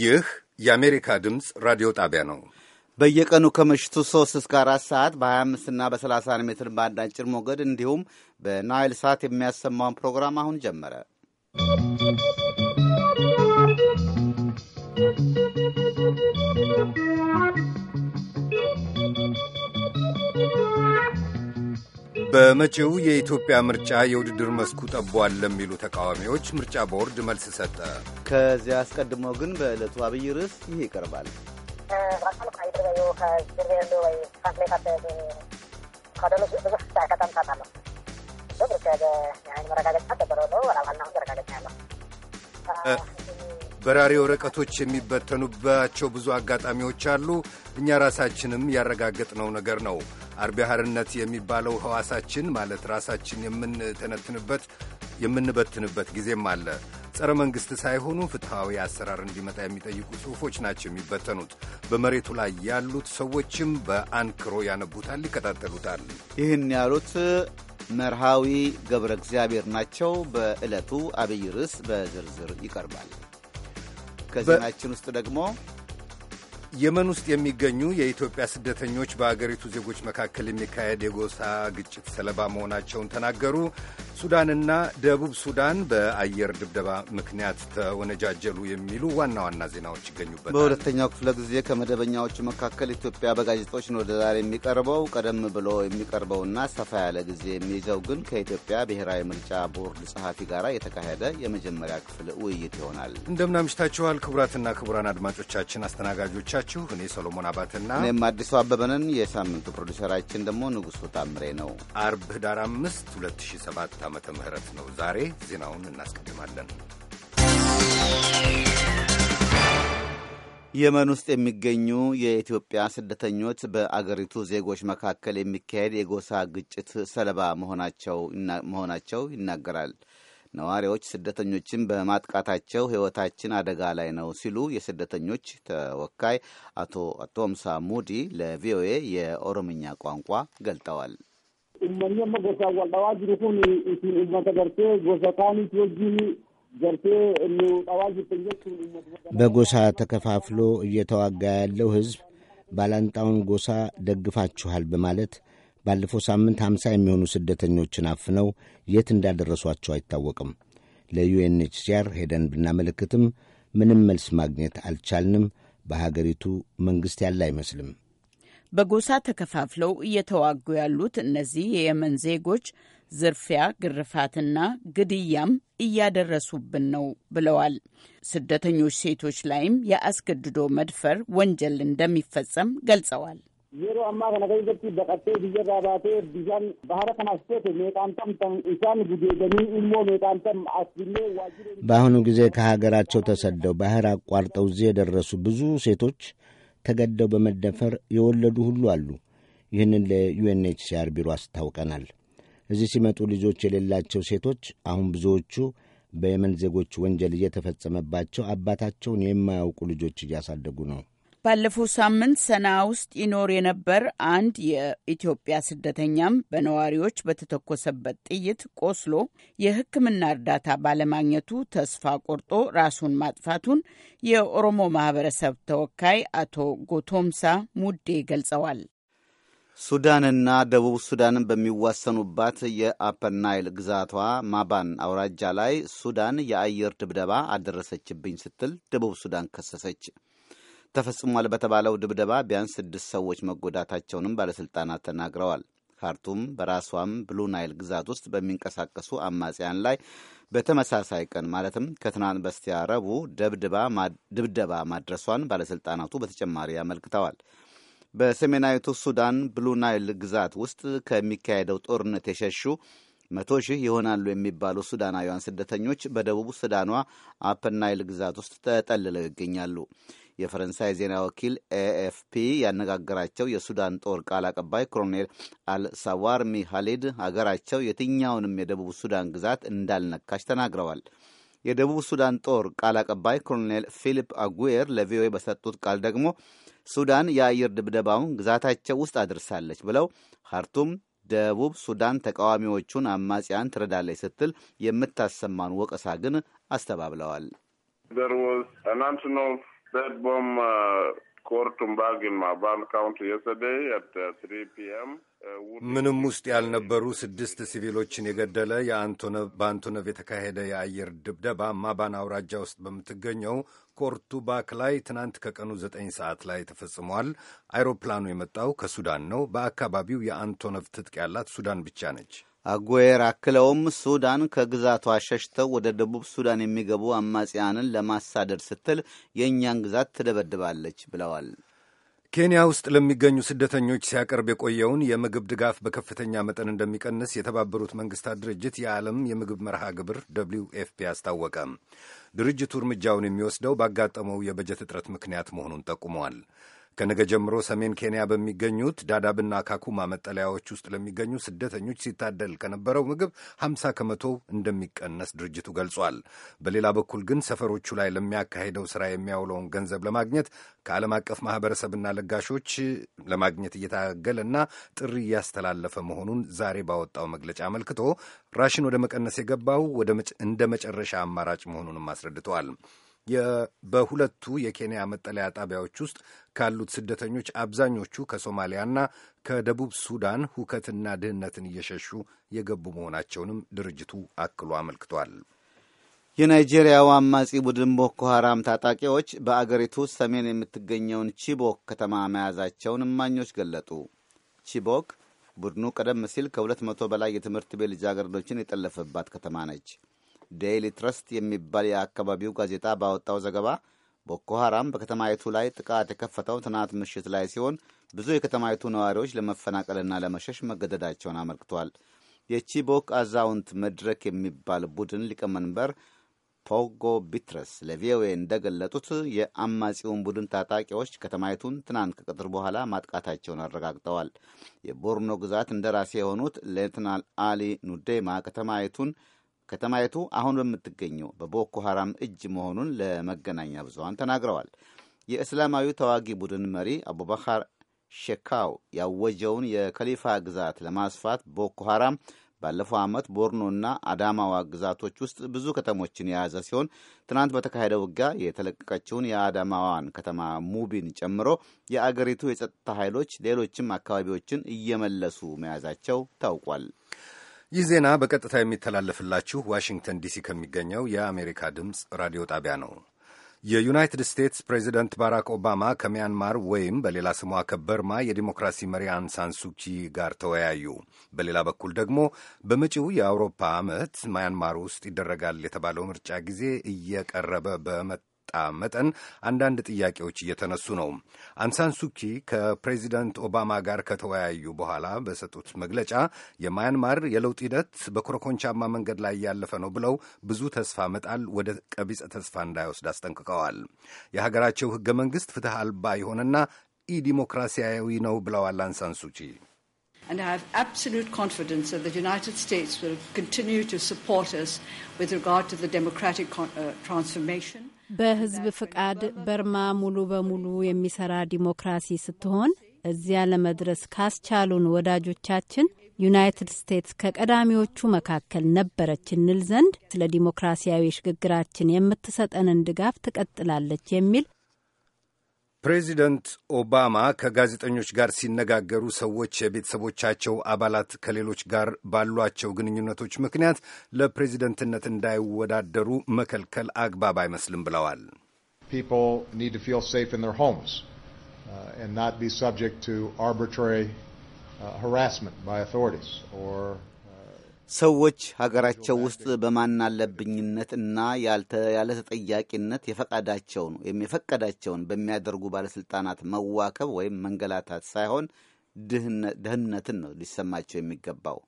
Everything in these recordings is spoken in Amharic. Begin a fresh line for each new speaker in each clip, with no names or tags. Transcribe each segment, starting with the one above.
ይህ የአሜሪካ ድምፅ ራዲዮ ጣቢያ ነው። በየቀኑ ከምሽቱ 3 እስከ 4
ሰዓት በ25 እና በ30 ሜትር ባንድ አጭር ሞገድ እንዲሁም በናይል ሳት የሚያሰማውን ፕሮግራም አሁን ጀመረ።
በመጪው የኢትዮጵያ ምርጫ የውድድር መስኩ ጠቧል ለሚሉ ተቃዋሚዎች ምርጫ ቦርድ መልስ ሰጠ። ከዚያ አስቀድሞ ግን በዕለቱ
አብይ ርዕስ ይህ ይቀርባል።
በራሪ ወረቀቶች የሚበተኑባቸው ብዙ አጋጣሚዎች አሉ። እኛ ራሳችንም ያረጋገጥነው ነገር ነው። አርቢያህርነት የሚባለው ህዋሳችን ማለት ራሳችን የምንተነትንበት የምንበትንበት ጊዜም አለ። ጸረ መንግሥት ሳይሆኑ ፍትሐዊ አሰራር እንዲመጣ የሚጠይቁ ጽሑፎች ናቸው የሚበተኑት። በመሬቱ ላይ ያሉት ሰዎችም በአንክሮ ያነቡታል፣ ይከታተሉታል። ይህን ያሉት መርሃዊ ገብረ እግዚአብሔር
ናቸው። በዕለቱ አብይ ርዕስ በዝርዝር ይቀርባል። ከዜናችን
ውስጥ ደግሞ የመን ውስጥ የሚገኙ የኢትዮጵያ ስደተኞች በአገሪቱ ዜጎች መካከል የሚካሄድ የጎሳ ግጭት ሰለባ መሆናቸውን ተናገሩ። ሱዳንና ደቡብ ሱዳን በአየር ድብደባ ምክንያት ተወነጃጀሉ የሚሉ ዋና ዋና ዜናዎች ይገኙበታል። በሁለተኛው
ክፍለ ጊዜ ከመደበኛዎቹ መካከል ኢትዮጵያ በጋዜጦች ነው ወደ ዛሬ የሚቀርበው። ቀደም ብሎ የሚቀርበውና ሰፋ ያለ ጊዜ የሚይዘው ግን ከኢትዮጵያ ብሔራዊ ምርጫ ቦርድ ጸሐፊ ጋር የተካሄደ የመጀመሪያ ክፍል ውይይት ይሆናል።
እንደምናምሽታችኋል ክቡራትና ክቡራን አድማጮቻችን አስተናጋጆች አመሻችሁ። እኔ ሰሎሞን አባትና እኔም አዲሱ አበበንን። የሳምንቱ ፕሮዲሰራችን ደግሞ ንጉሱ ታምሬ ነው። አርብ ህዳር 5 2007 ዓ ም ነው። ዛሬ ዜናውን እናስቀድማለን።
የመን ውስጥ የሚገኙ የኢትዮጵያ ስደተኞች በአገሪቱ ዜጎች መካከል የሚካሄድ የጎሳ ግጭት ሰለባ መሆናቸው ይናገራል። ነዋሪዎች ስደተኞችን በማጥቃታቸው ሕይወታችን አደጋ ላይ ነው ሲሉ የስደተኞች ተወካይ አቶ ቶምሳ ሙዲ ለቪኦኤ የኦሮምኛ
ቋንቋ ገልጠዋል። እመኛማ ጎሳ ጅሩ ኩን ኡመተ ገርቴ ጎሳ ካኒት ወጂኒ
በጎሳ ተከፋፍሎ እየተዋጋ ያለው ሕዝብ ባላንጣውን ጎሳ ደግፋችኋል በማለት ባለፈው ሳምንት ሀምሳ የሚሆኑ ስደተኞችን አፍነው የት እንዳደረሷቸው አይታወቅም። ለዩኤንኤችሲአር ሄደን ብናመለክትም ምንም መልስ ማግኘት አልቻልንም። በሀገሪቱ መንግሥት ያለ አይመስልም።
በጎሳ ተከፋፍለው እየተዋጉ ያሉት እነዚህ የየመን ዜጎች ዝርፊያ፣ ግርፋትና ግድያም እያደረሱብን ነው ብለዋል። ስደተኞች ሴቶች ላይም የአስገድዶ መድፈር ወንጀል እንደሚፈጸም ገልጸዋል።
yeroo ammaa kana kan irratti baqattee irraa baatee bishaan bahara kan as teete meeqaantam isaan gudeedanii immoo meeqaan tam as meeqaantam አስብሌ
በአሁኑ ጊዜ ከሀገራቸው ተሰደው ባህር አቋርጠው እዚህ የደረሱ ብዙ ሴቶች ተገደው በመደፈር የወለዱ ሁሉ አሉ። ይህንን ለዩኤንኤችሲአር ቢሮ አስታውቀናል። እዚህ ሲመጡ ልጆች የሌላቸው ሴቶች አሁን ብዙዎቹ በየመን ዜጎች ወንጀል እየተፈጸመባቸው አባታቸውን የማያውቁ ልጆች እያሳደጉ ነው።
ባለፈው ሳምንት ሰና ውስጥ ይኖር የነበር አንድ የኢትዮጵያ ስደተኛም በነዋሪዎች በተተኮሰበት ጥይት ቆስሎ የሕክምና እርዳታ ባለማግኘቱ ተስፋ ቆርጦ ራሱን ማጥፋቱን የኦሮሞ ማህበረሰብ ተወካይ አቶ ጎቶምሳ ሙዴ ገልጸዋል።
ሱዳንና ደቡብ ሱዳንን በሚዋሰኑባት የአፐናይል ግዛቷ ማባን አውራጃ ላይ ሱዳን የአየር ድብደባ አደረሰችብኝ ስትል ደቡብ ሱዳን ከሰሰች። ተፈጽሟል በተባለው ድብደባ ቢያንስ ስድስት ሰዎች መጎዳታቸውንም ባለሥልጣናት ተናግረዋል። ካርቱም በራሷም ብሉ ናይል ግዛት ውስጥ በሚንቀሳቀሱ አማጽያን ላይ በተመሳሳይ ቀን ማለትም ከትናንት በስቲያ ረቡዕ ድብደባ ማድረሷን ባለሥልጣናቱ በተጨማሪ አመልክተዋል። በሰሜናዊቱ ሱዳን ብሉ ናይል ግዛት ውስጥ ከሚካሄደው ጦርነት የሸሹ መቶ ሺህ ይሆናሉ የሚባሉ ሱዳናውያን ስደተኞች በደቡብ ሱዳኗ አፐናይል ግዛት ውስጥ ተጠልለው ይገኛሉ። የፈረንሳይ ዜና ወኪል ኤኤፍፒ ያነጋገራቸው የሱዳን ጦር ቃል አቀባይ ኮሎኔል አልሳዋርሚ ሀሊድ ሀገራቸው የትኛውንም የደቡብ ሱዳን ግዛት እንዳልነካች ተናግረዋል። የደቡብ ሱዳን ጦር ቃል አቀባይ ኮሎኔል ፊሊፕ አጉዌር ለቪኦኤ በሰጡት ቃል ደግሞ ሱዳን የአየር ድብደባውን ግዛታቸው ውስጥ አድርሳለች ብለው ሀርቱም ደቡብ ሱዳን ተቃዋሚዎቹን አማጽያን ትረዳለች ስትል የምታሰማን ወቀሳ ግን አስተባብለዋል።
That bomb uh, caught Tumbag in ኢን County yesterday at uh, 3 p.m. Uh,
ምንም ውስጥ ያልነበሩ ስድስት ሲቪሎችን የገደለ በአንቶነቭ የተካሄደ የአየር ድብደባ ማባን አውራጃ ውስጥ በምትገኘው ኮርቱባክ ላይ ትናንት ከቀኑ ዘጠኝ ሰዓት ላይ ተፈጽሟል። አይሮፕላኑ የመጣው ከሱዳን ነው። በአካባቢው የአንቶነቭ ትጥቅ ያላት ሱዳን ብቻ ነች።
አጉዌር አክለውም ሱዳን ከግዛቷ ሸሽተው ወደ ደቡብ ሱዳን የሚገቡ አማጽያንን ለማሳደድ ስትል የእኛን
ግዛት ትደበድባለች ብለዋል። ኬንያ ውስጥ ለሚገኙ ስደተኞች ሲያቀርብ የቆየውን የምግብ ድጋፍ በከፍተኛ መጠን እንደሚቀንስ የተባበሩት መንግስታት ድርጅት የዓለም የምግብ መርሃ ግብር ደብሊው ኤፍፒ አስታወቀ። ድርጅቱ እርምጃውን የሚወስደው ባጋጠመው የበጀት እጥረት ምክንያት መሆኑን ጠቁመዋል። ከነገ ጀምሮ ሰሜን ኬንያ በሚገኙት ዳዳብና ካኩማ መጠለያዎች ውስጥ ለሚገኙ ስደተኞች ሲታደል ከነበረው ምግብ 50 ከመቶ እንደሚቀነስ ድርጅቱ ገልጿል። በሌላ በኩል ግን ሰፈሮቹ ላይ ለሚያካሄደው ስራ የሚያውለውን ገንዘብ ለማግኘት ከዓለም አቀፍ ማህበረሰብና ለጋሾች ለማግኘት እየታገለና ጥሪ እያስተላለፈ መሆኑን ዛሬ ባወጣው መግለጫ አመልክቶ ራሽን ወደ መቀነስ የገባው እንደ መጨረሻ አማራጭ መሆኑንም አስረድተዋል። በሁለቱ የኬንያ መጠለያ ጣቢያዎች ውስጥ ካሉት ስደተኞች አብዛኞቹ ከሶማሊያና ከደቡብ ሱዳን ሁከትና ድህነትን እየሸሹ የገቡ መሆናቸውንም ድርጅቱ አክሎ አመልክቷል።
የናይጄሪያው አማጺ ቡድን ቦኮ ሐራም ታጣቂዎች በአገሪቱ ሰሜን የምትገኘውን ቺቦክ ከተማ መያዛቸውን እማኞች ገለጡ። ቺቦክ ቡድኑ ቀደም ሲል ከሁለት መቶ በላይ የትምህርት ቤት ልጃገረዶችን የጠለፈባት ከተማ ነች። ዴይሊ ትረስት የሚባል የአካባቢው ጋዜጣ ባወጣው ዘገባ ቦኮ ሐራም በከተማይቱ ላይ ጥቃት የከፈተው ትናንት ምሽት ላይ ሲሆን ብዙ የከተማይቱ ነዋሪዎች ለመፈናቀልና ለመሸሽ መገደዳቸውን አመልክቷል። የቺቦክ አዛውንት መድረክ የሚባል ቡድን ሊቀመንበር ፖጎ ቢትረስ ለቪኦኤ እንደገለጡት የአማጺውን ቡድን ታጣቂዎች ከተማይቱን ትናንት ከቀትር በኋላ ማጥቃታቸውን አረጋግጠዋል። የቦርኖ ግዛት እንደራሴ የሆኑት ሌትናል አሊ ኑዴማ ከተማይቱን ከተማይቱ አሁን በምትገኘው በቦኮ ሐራም እጅ መሆኑን ለመገናኛ ብዙሃን ተናግረዋል። የእስላማዊ ተዋጊ ቡድን መሪ አቡበካር ሼካው ያወጀውን የከሊፋ ግዛት ለማስፋት ቦኮ ሐራም ባለፈው ዓመት ቦርኖና አዳማዋ ግዛቶች ውስጥ ብዙ ከተሞችን የያዘ ሲሆን ትናንት በተካሄደ ውጊያ የተለቀቀችውን የአዳማዋን ከተማ ሙቢን ጨምሮ የአገሪቱ የጸጥታ ኃይሎች ሌሎችም አካባቢዎችን
እየመለሱ መያዛቸው ታውቋል። ይህ ዜና በቀጥታ የሚተላለፍላችሁ ዋሽንግተን ዲሲ ከሚገኘው የአሜሪካ ድምፅ ራዲዮ ጣቢያ ነው። የዩናይትድ ስቴትስ ፕሬዚደንት ባራክ ኦባማ ከሚያንማር ወይም በሌላ ስሟ ከበርማ የዲሞክራሲ መሪ አንሳን ሱቺ ጋር ተወያዩ። በሌላ በኩል ደግሞ በመጪው የአውሮፓ ዓመት ማያንማር ውስጥ ይደረጋል የተባለው ምርጫ ጊዜ እየቀረበ በመጣ በመጣ መጠን አንዳንድ ጥያቄዎች እየተነሱ ነው። አንሳንሱኪ ከፕሬዚደንት ኦባማ ጋር ከተወያዩ በኋላ በሰጡት መግለጫ የማያንማር የለውጥ ሂደት በኮረኮንቻማ መንገድ ላይ ያለፈ ነው ብለው ብዙ ተስፋ መጣል ወደ ቀቢጸ ተስፋ እንዳይወስድ አስጠንቅቀዋል። የሀገራቸው ህገ መንግስት ፍትህ አልባ የሆነና ኢዲሞክራሲያዊ ነው ብለዋል አንሳንሱቺ
and I have absolute confidence that the United States will continue to support us with regard to the democratic uh, transformation. በህዝብ ፍቃድ በርማ ሙሉ በሙሉ የሚሰራ ዲሞክራሲ ስትሆን እዚያ ለመድረስ ካስቻሉን ወዳጆቻችን ዩናይትድ ስቴትስ ከቀዳሚዎቹ መካከል ነበረች እንል ዘንድ ስለ ዲሞክራሲያዊ ሽግግራችን የምትሰጠንን ድጋፍ ትቀጥላለች የሚል
ፕሬዚደንት ኦባማ ከጋዜጠኞች ጋር ሲነጋገሩ ሰዎች የቤተሰቦቻቸው አባላት ከሌሎች ጋር ባሏቸው ግንኙነቶች ምክንያት ለፕሬዚደንትነት እንዳይወዳደሩ መከልከል አግባብ አይመስልም ብለዋል።
ሰዎች ሀገራቸው ውስጥ በማናለብኝነት እና ያለ ተጠያቂነት የፈቃዳቸውን ወይም የፈቀዳቸውን በሚያደርጉ ባለስልጣናት መዋከብ ወይም መንገላታት ሳይሆን ድህነትን ነው ሊሰማቸው የሚገባው።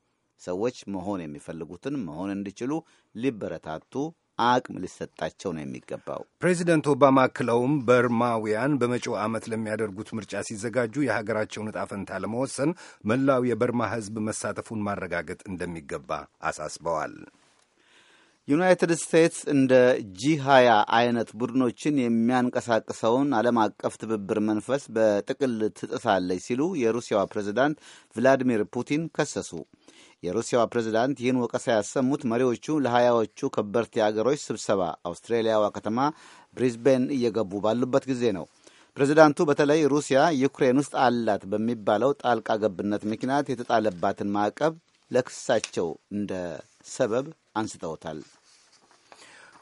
ሰዎች መሆን የሚፈልጉትን መሆን እንዲችሉ ሊበረታቱ አቅም ሊሰጣቸው ነው የሚገባው።
ፕሬዚደንት ኦባማ አክለውም በርማውያን በመጪው ዓመት ለሚያደርጉት ምርጫ ሲዘጋጁ የሀገራቸውን ዕጣ ፈንታ ለመወሰን መላው የበርማ ሕዝብ መሳተፉን ማረጋገጥ እንደሚገባ አሳስበዋል።
ዩናይትድ ስቴትስ እንደ ጂ 20 አይነት ቡድኖችን የሚያንቀሳቅሰውን ዓለም አቀፍ ትብብር መንፈስ በጥቅል ትጥሳለች ሲሉ የሩሲያዋ ፕሬዚዳንት ቭላዲሚር ፑቲን ከሰሱ። የሩሲያዋ ፕሬዚዳንት ይህን ወቀሳ ያሰሙት መሪዎቹ ለሀያዎቹ ከበርቲ አገሮች ስብሰባ አውስትሬሊያዋ ከተማ ብሪዝቤን እየገቡ ባሉበት ጊዜ ነው። ፕሬዚዳንቱ በተለይ ሩሲያ ዩክሬን ውስጥ አላት በሚባለው ጣልቃ ገብነት ምክንያት የተጣለባትን ማዕቀብ ለክሳቸው እንደ ሰበብ አንስተውታል።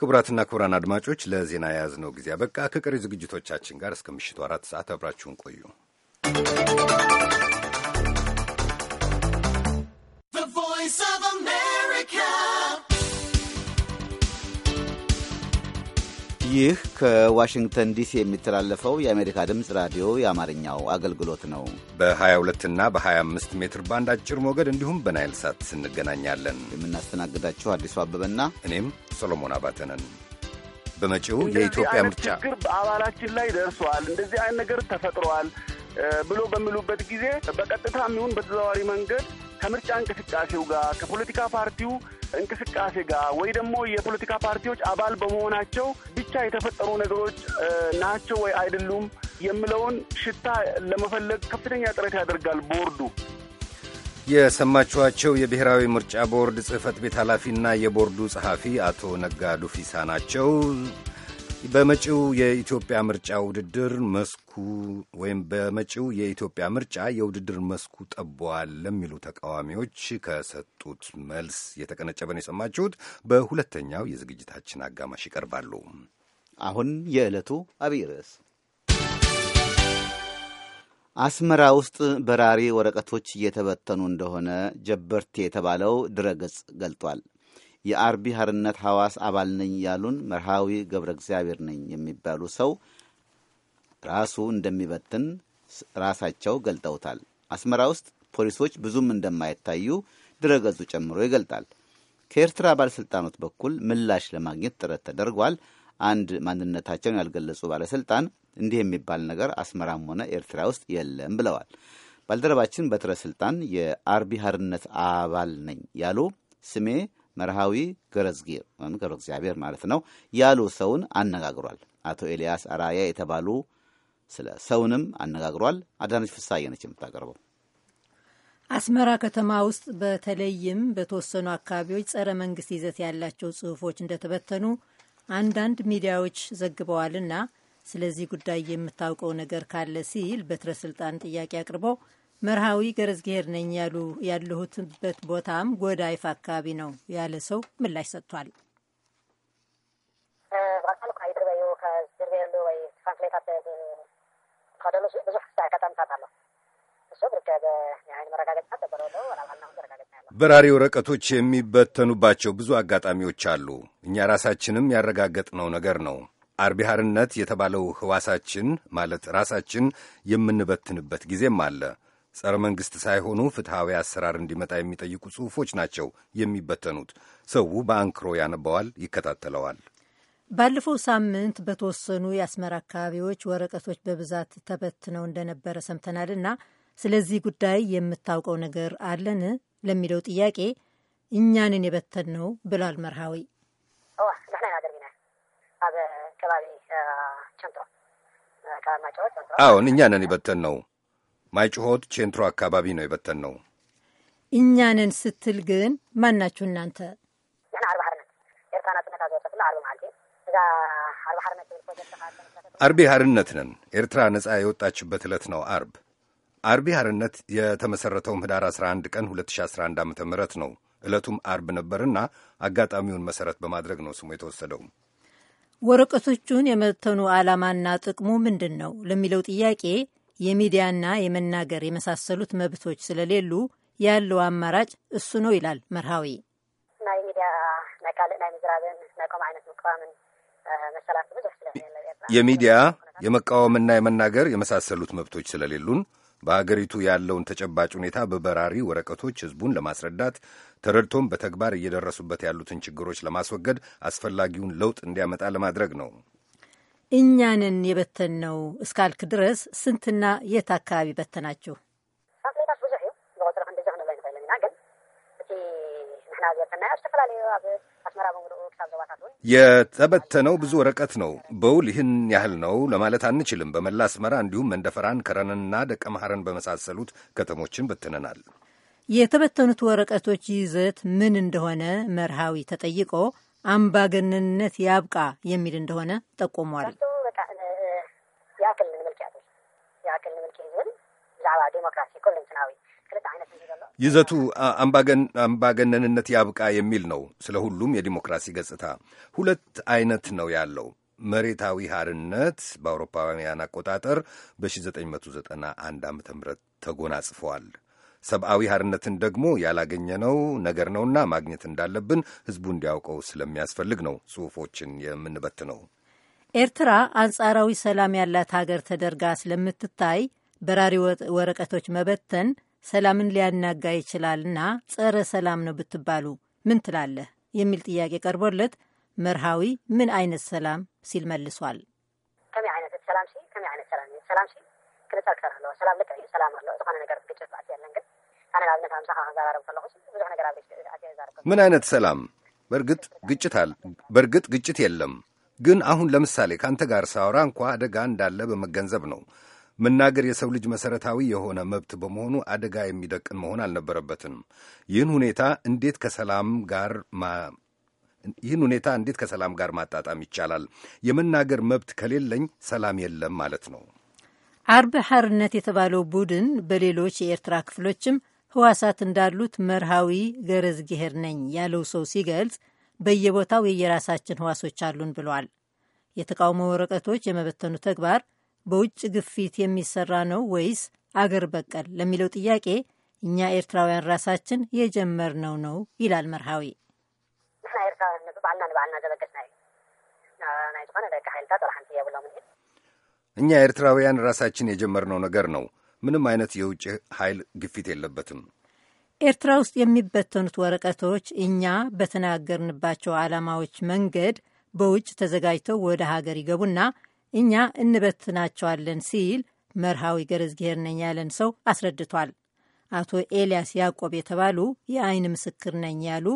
ክቡራትና ክቡራን አድማጮች ለዜና የያዝነው ጊዜ አበቃ። ከቀሪ ዝግጅቶቻችን ጋር እስከ ምሽቱ አራት ሰዓት አብራችሁን ቆዩ።
ይህ ከዋሽንግተን ዲሲ የሚተላለፈው
የአሜሪካ ድምፅ ራዲዮ የአማርኛው አገልግሎት ነው። በ22 እና በ25 ሜትር ባንድ አጭር ሞገድ እንዲሁም በናይል ሳት እንገናኛለን። የምናስተናግዳችሁ አዲሱ አበበና እኔም ሰሎሞን አባተ ነን። በመጪው የኢትዮጵያ ምርጫ ችግር
በአባላችን ላይ ደርሷል፣ እንደዚህ አይነት ነገር ተፈጥሯል ብሎ በሚሉበት ጊዜ በቀጥታ የሚሆን በተዘዋዋሪ መንገድ ከምርጫ እንቅስቃሴው ጋር ከፖለቲካ ፓርቲው እንቅስቃሴ ጋር ወይ ደግሞ የፖለቲካ ፓርቲዎች አባል በመሆናቸው ብቻ የተፈጠሩ ነገሮች ናቸው ወይ አይደሉም የሚለውን ሽታ ለመፈለግ ከፍተኛ ጥረት ያደርጋል ቦርዱ።
የሰማችኋቸው የብሔራዊ ምርጫ ቦርድ ጽህፈት ቤት ኃላፊና የቦርዱ ጸሐፊ አቶ ነጋ ዱፊሳ ናቸው። በመጪው የኢትዮጵያ ምርጫ ውድድር መስኩ ወይም በመጪው የኢትዮጵያ ምርጫ የውድድር መስኩ ጠቧል ለሚሉ ተቃዋሚዎች ከሰጡት መልስ የተቀነጨበን የሰማችሁት። በሁለተኛው የዝግጅታችን አጋማሽ ይቀርባሉ። አሁን የዕለቱ አብይ ርዕስ
አስመራ ውስጥ በራሪ ወረቀቶች እየተበተኑ እንደሆነ ጀበርቴ የተባለው ድረገጽ ገልጧል። የአርቢ ሀርነት ሐዋስ አባል ነኝ ያሉን መርሃዊ ገብረ እግዚአብሔር ነኝ የሚባሉ ሰው ራሱ እንደሚበትን ራሳቸው ገልጠውታል። አስመራ ውስጥ ፖሊሶች ብዙም እንደማይታዩ ድረገጹ ጨምሮ ይገልጣል። ከኤርትራ ባለሥልጣኖች በኩል ምላሽ ለማግኘት ጥረት ተደርጓል። አንድ ማንነታቸውን ያልገለጹ ባለሥልጣን እንዲህ የሚባል ነገር አስመራም ሆነ ኤርትራ ውስጥ የለም ብለዋል። ባልደረባችን በትረ ስልጣን የአርቢ ሀርነት አባል ነኝ ያሉ ስሜ መርሃዊ ገረዝጌ ወይም ገብረ እግዚአብሔር ማለት ነው ያሉ ሰውን አነጋግሯል። አቶ ኤልያስ አራያ የተባሉ ስለ ሰውንም አነጋግሯል። አዳነች ፍሳዬ ነች የምታቀርበው።
አስመራ ከተማ ውስጥ በተለይም በተወሰኑ አካባቢዎች ጸረ መንግስት ይዘት ያላቸው ጽሁፎች እንደተበተኑ አንዳንድ ሚዲያዎች ዘግበዋልና ስለዚህ ጉዳይ የምታውቀው ነገር ካለ ሲል በትረ ስልጣን ጥያቄ አቅርበው መርሃዊ ገረዝጌር ነኝ ያሉ ያለሁትበት ቦታም ጎዳይፍ አካባቢ ነው ያለ ሰው ምላሽ ሰጥቷል።
በራሪ ወረቀቶች የሚበተኑባቸው ብዙ አጋጣሚዎች አሉ። እኛ ራሳችንም ያረጋገጥነው ነገር ነው። አርቢሃርነት የተባለው ህዋሳችን ማለት ራሳችን የምንበትንበት ጊዜም አለ። ጸረ መንግሥት ሳይሆኑ ፍትሐዊ አሰራር እንዲመጣ የሚጠይቁ ጽሑፎች ናቸው የሚበተኑት። ሰው በአንክሮ ያነባዋል፣ ይከታተለዋል።
ባለፈው ሳምንት በተወሰኑ የአስመራ አካባቢዎች ወረቀቶች በብዛት ተበትነው እንደነበረ ሰምተናልና ስለዚህ ጉዳይ የምታውቀው ነገር አለን ለሚለው ጥያቄ እኛንን የበተን ነው ብሏል መርሃዊ።
አዎን እኛንን የበተን ነው ማይጭሆት ቼንትሮ አካባቢ ነው የበተን ነው።
እኛንን ስትል ግን ማናችሁ እናንተ?
አርቢ ሀርነት ነን። ኤርትራ ነጻ የወጣችበት ዕለት ነው አርብ። አርቢ ሀርነት የተመሠረተውም ህዳር 11 ቀን 2011 ዓ ም ነው። ዕለቱም አርብ ነበርና አጋጣሚውን መሠረት በማድረግ ነው ስሙ የተወሰደው።
ወረቀቶቹን የመተኑ ዓላማና ጥቅሙ ምንድን ነው ለሚለው ጥያቄ የሚዲያና የመናገር የመሳሰሉት መብቶች ስለሌሉ ያለው አማራጭ እሱ ነው ይላል መርሃዊ።
ናይ ሚዲያ ናይ ካልእ ናይ ምዝራብን ናይ ከምኡ ዓይነት ምቃወምን
የሚዲያ የመቃወምና የመናገር የመሳሰሉት መብቶች ስለሌሉን በአገሪቱ ያለውን ተጨባጭ ሁኔታ በበራሪ ወረቀቶች ሕዝቡን ለማስረዳት ተረድቶም በተግባር እየደረሱበት ያሉትን ችግሮች ለማስወገድ አስፈላጊውን ለውጥ እንዲያመጣ ለማድረግ ነው
እኛንን የበተን ነው እስካልክ ድረስ ስንትና የት አካባቢ በተናችሁ?
የተበተነው ብዙ ወረቀት ነው። በውል ይህን ያህል ነው ለማለት አንችልም። በመላ አስመራ እንዲሁም መንደፈራን፣ ከረንና ደቀ መሐረን በመሳሰሉት ከተሞችን በትነናል።
የተበተኑት ወረቀቶች ይዘት ምን እንደሆነ መርሃዊ ተጠይቆ አምባገነንነት ያብቃ የሚል እንደሆነ ጠቁሟል።
ይዘቱ አምባገነንነት ያብቃ የሚል ነው። ስለ ሁሉም የዲሞክራሲ ገጽታ ሁለት አይነት ነው ያለው መሬታዊ ሀርነት በአውሮፓውያን አቆጣጠር በ1991 ዓ ም ተጎናጽፈዋል። ሰብአዊ ሀርነትን ደግሞ ያላገኘነው ነገር ነውና ማግኘት እንዳለብን ህዝቡ እንዲያውቀው ስለሚያስፈልግ ነው ጽሁፎችን የምንበትነው።
ኤርትራ አንጻራዊ ሰላም ያላት ሀገር ተደርጋ ስለምትታይ በራሪ ወረቀቶች መበተን ሰላምን ሊያናጋ ይችላልና ጸረ ሰላም ነው ብትባሉ ምን ትላለህ የሚል ጥያቄ ቀርቦለት መርሃዊ ምን አይነት ሰላም ሲል መልሷል። ከመይ
ዓይነት ሰላም ከመይ ዓይነት ሰላም ምሳ ክሰርሕ ኣለዎ ሰላም ልክ ሰላም ኣለዎ ዝኾነ ነገር ግጭት ኣት የለን ግን ኣነ ንኣብነት ኣብ ምሳኻ ክዘራርብ ከለኹ ብዙሕ ነገር ኣብ
ምን አይነት ሰላም በርግጥ ግጭት አለ በእርግጥ ግጭት የለም ግን አሁን ለምሳሌ ከአንተ ጋር ሳወራ እንኳ አደጋ እንዳለ በመገንዘብ ነው መናገር የሰው ልጅ መሰረታዊ የሆነ መብት በመሆኑ አደጋ የሚደቅን መሆን አልነበረበትም። ይህን ሁኔታ እንዴት ከሰላም ጋር ይህን ሁኔታ እንዴት ከሰላም ጋር ማጣጣም ይቻላል? የመናገር መብት ከሌለኝ ሰላም የለም ማለት ነው።
አርብ ሐርነት የተባለው ቡድን በሌሎች የኤርትራ ክፍሎችም ህዋሳት እንዳሉት መርሃዊ ገረዝጊሄር ነኝ ያለው ሰው ሲገልጽ በየቦታው የየራሳችን ህዋሶች አሉን ብለዋል። የተቃውሞ ወረቀቶች የመበተኑ ተግባር በውጭ ግፊት የሚሰራ ነው ወይስ አገር በቀል ለሚለው ጥያቄ እኛ ኤርትራውያን ራሳችን የጀመርነው ነው ይላል መርሃዊ።
ንሕና ኤርትራውያን ባልና ንባዕልና ዘበገስና እዩ ናይ ዝኾነ ደቂ ሓይልታት ጥራሕ የብሎም
እኛ ኤርትራውያን ራሳችን የጀመርነው ነገር ነው። ምንም አይነት የውጭ ኃይል ግፊት የለበትም።
ኤርትራ ውስጥ የሚበተኑት ወረቀቶች እኛ በተናገርንባቸው ዓላማዎች መንገድ በውጭ ተዘጋጅተው ወደ ሀገር ይገቡና እኛ እንበትናቸዋለን ሲል መርሃዊ ገረዝ ነኝ ያለን ሰው አስረድቷል። አቶ ኤልያስ ያዕቆብ የተባሉ የአይን ምስክር ነኝ ያሉ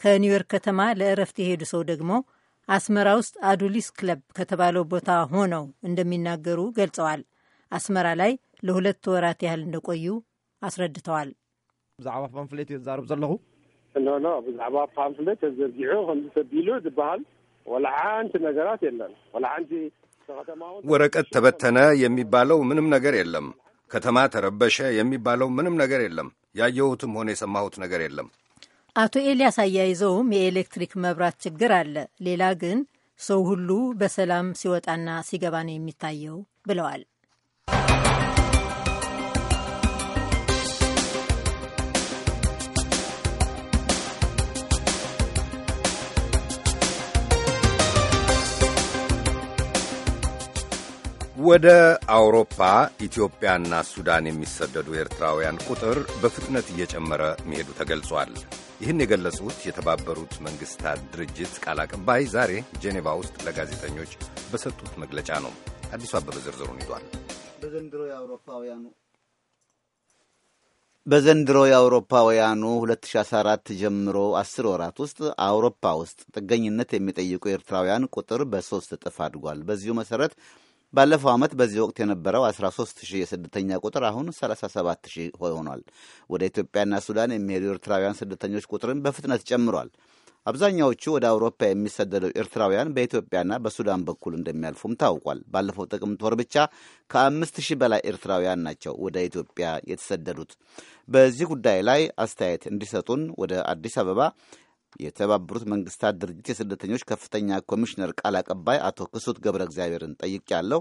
ከኒውዮርክ ከተማ ለእረፍት የሄዱ ሰው ደግሞ አስመራ ውስጥ አዱሊስ ክለብ ከተባለው ቦታ ሆነው እንደሚናገሩ ገልጸዋል። አስመራ ላይ ለሁለት ወራት ያህል እንደቆዩ አስረድተዋል።
ብዛዕባ ፓምፍሌት እየ ዛርብ ዘለኹ
ኖ ኖ ብዛዕባ ፓምፍሌት ተዘርጊሑ ከምዚ ተቢሉ ዝበሃል ወላ ሓንቲ ነገራት የለን ወላ ሓንቲ
ወረቀት ተበተነ የሚባለው ምንም ነገር የለም። ከተማ ተረበሸ የሚባለው ምንም ነገር የለም። ያየሁትም ሆነ የሰማሁት ነገር የለም።
አቶ ኤልያስ አያይዘውም የኤሌክትሪክ መብራት ችግር አለ፣ ሌላ ግን ሰው ሁሉ በሰላም ሲወጣና ሲገባ ነው የሚታየው ብለዋል።
ወደ አውሮፓ ኢትዮጵያና ሱዳን የሚሰደዱ ኤርትራውያን ቁጥር በፍጥነት እየጨመረ መሄዱ ተገልጿል። ይህን የገለጹት የተባበሩት መንግስታት ድርጅት ቃል አቀባይ ዛሬ ጄኔቫ ውስጥ ለጋዜጠኞች በሰጡት መግለጫ ነው። አዲሱ አበበ ዝርዝሩን ይዟል።
በዘንድሮ የአውሮፓውያኑ በዘንድሮ የአውሮፓውያኑ 2014 ጀምሮ 10 ወራት ውስጥ አውሮፓ ውስጥ ጥገኝነት የሚጠይቁ ኤርትራውያን ቁጥር በሶስት እጥፍ አድጓል። በዚሁ መሠረት ባለፈው ዓመት በዚህ ወቅት የነበረው 13000 የስደተኛ ቁጥር አሁን ሺህ ሆኗል። ወደ ኢትዮጵያና ሱዳን የሚሄዱ ኤርትራውያን ስደተኞች ቁጥርን በፍጥነት ጨምሯል። አብዛኛዎቹ ወደ አውሮፓ የሚሰደደው ኤርትራውያን በኢትዮጵያና በሱዳን በኩል እንደሚያልፉም ታውቋል። ባለፈው ጥቅምት ወር ብቻ ከአምስት ሺህ በላይ ኤርትራውያን ናቸው ወደ ኢትዮጵያ የተሰደዱት። በዚህ ጉዳይ ላይ አስተያየት እንዲሰጡን ወደ አዲስ አበባ የተባበሩት መንግስታት ድርጅት የስደተኞች ከፍተኛ ኮሚሽነር ቃል አቀባይ አቶ ክሱት ገብረ እግዚአብሔርን ጠይቅ ያለው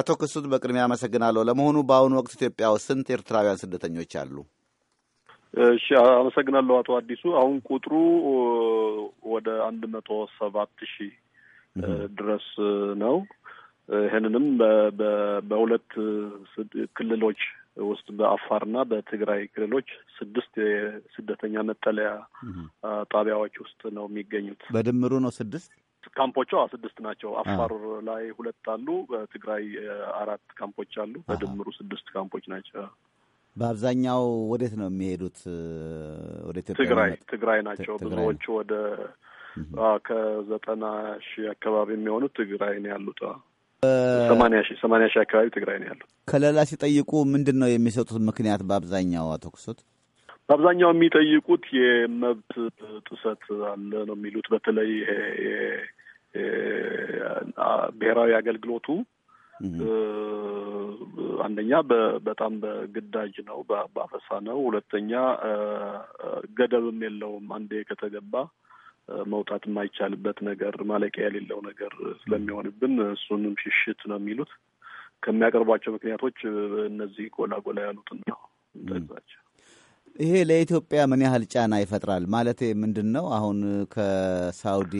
አቶ ክሱት በቅድሚያ አመሰግናለሁ። ለመሆኑ በአሁኑ ወቅት ኢትዮጵያ ውስጥ ስንት ኤርትራውያን ስደተኞች አሉ?
እሺ አመሰግናለሁ አቶ አዲሱ። አሁን ቁጥሩ ወደ አንድ መቶ ሰባት ሺህ ድረስ ነው። ይህንንም በሁለት ክልሎች ውስጥ በአፋርና በትግራይ ክልሎች ስድስት የስደተኛ መጠለያ ጣቢያዎች ውስጥ ነው የሚገኙት።
በድምሩ ነው ስድስት
ካምፖቹ ስድስት ናቸው። አፋር ላይ ሁለት አሉ፣ በትግራይ አራት ካምፖች አሉ። በድምሩ ስድስት ካምፖች ናቸው።
በአብዛኛው ወዴት ነው የሚሄዱት?
ወደ ኢትዮጵያ ትግራይ ትግራይ ናቸው ብዙዎቹ። ወደ ከዘጠና ሺህ አካባቢ የሚሆኑት ትግራይ ነው ያሉት። ሰማንያ ሺህ ሰማንያ ሺህ አካባቢ ትግራይ ነው ያለው።
ከለላ ሲጠይቁ ምንድን ነው የሚሰጡት ምክንያት? በአብዛኛው አቶ ክሶት
በአብዛኛው የሚጠይቁት የመብት ጥሰት አለ ነው የሚሉት። በተለይ ብሔራዊ አገልግሎቱ አንደኛ በጣም በግዳጅ ነው፣ በአፈሳ ነው። ሁለተኛ ገደብም የለውም። አንዴ ከተገባ መውጣት የማይቻልበት ነገር ማለቂያ የሌለው ነገር ስለሚሆንብን እሱንም ሽሽት ነው የሚሉት። ከሚያቀርቧቸው ምክንያቶች እነዚህ ጎላ ጎላ ያሉትን ነው።
ይሄ ለኢትዮጵያ ምን ያህል ጫና ይፈጥራል? ማለት ምንድን ነው አሁን ከሳውዲ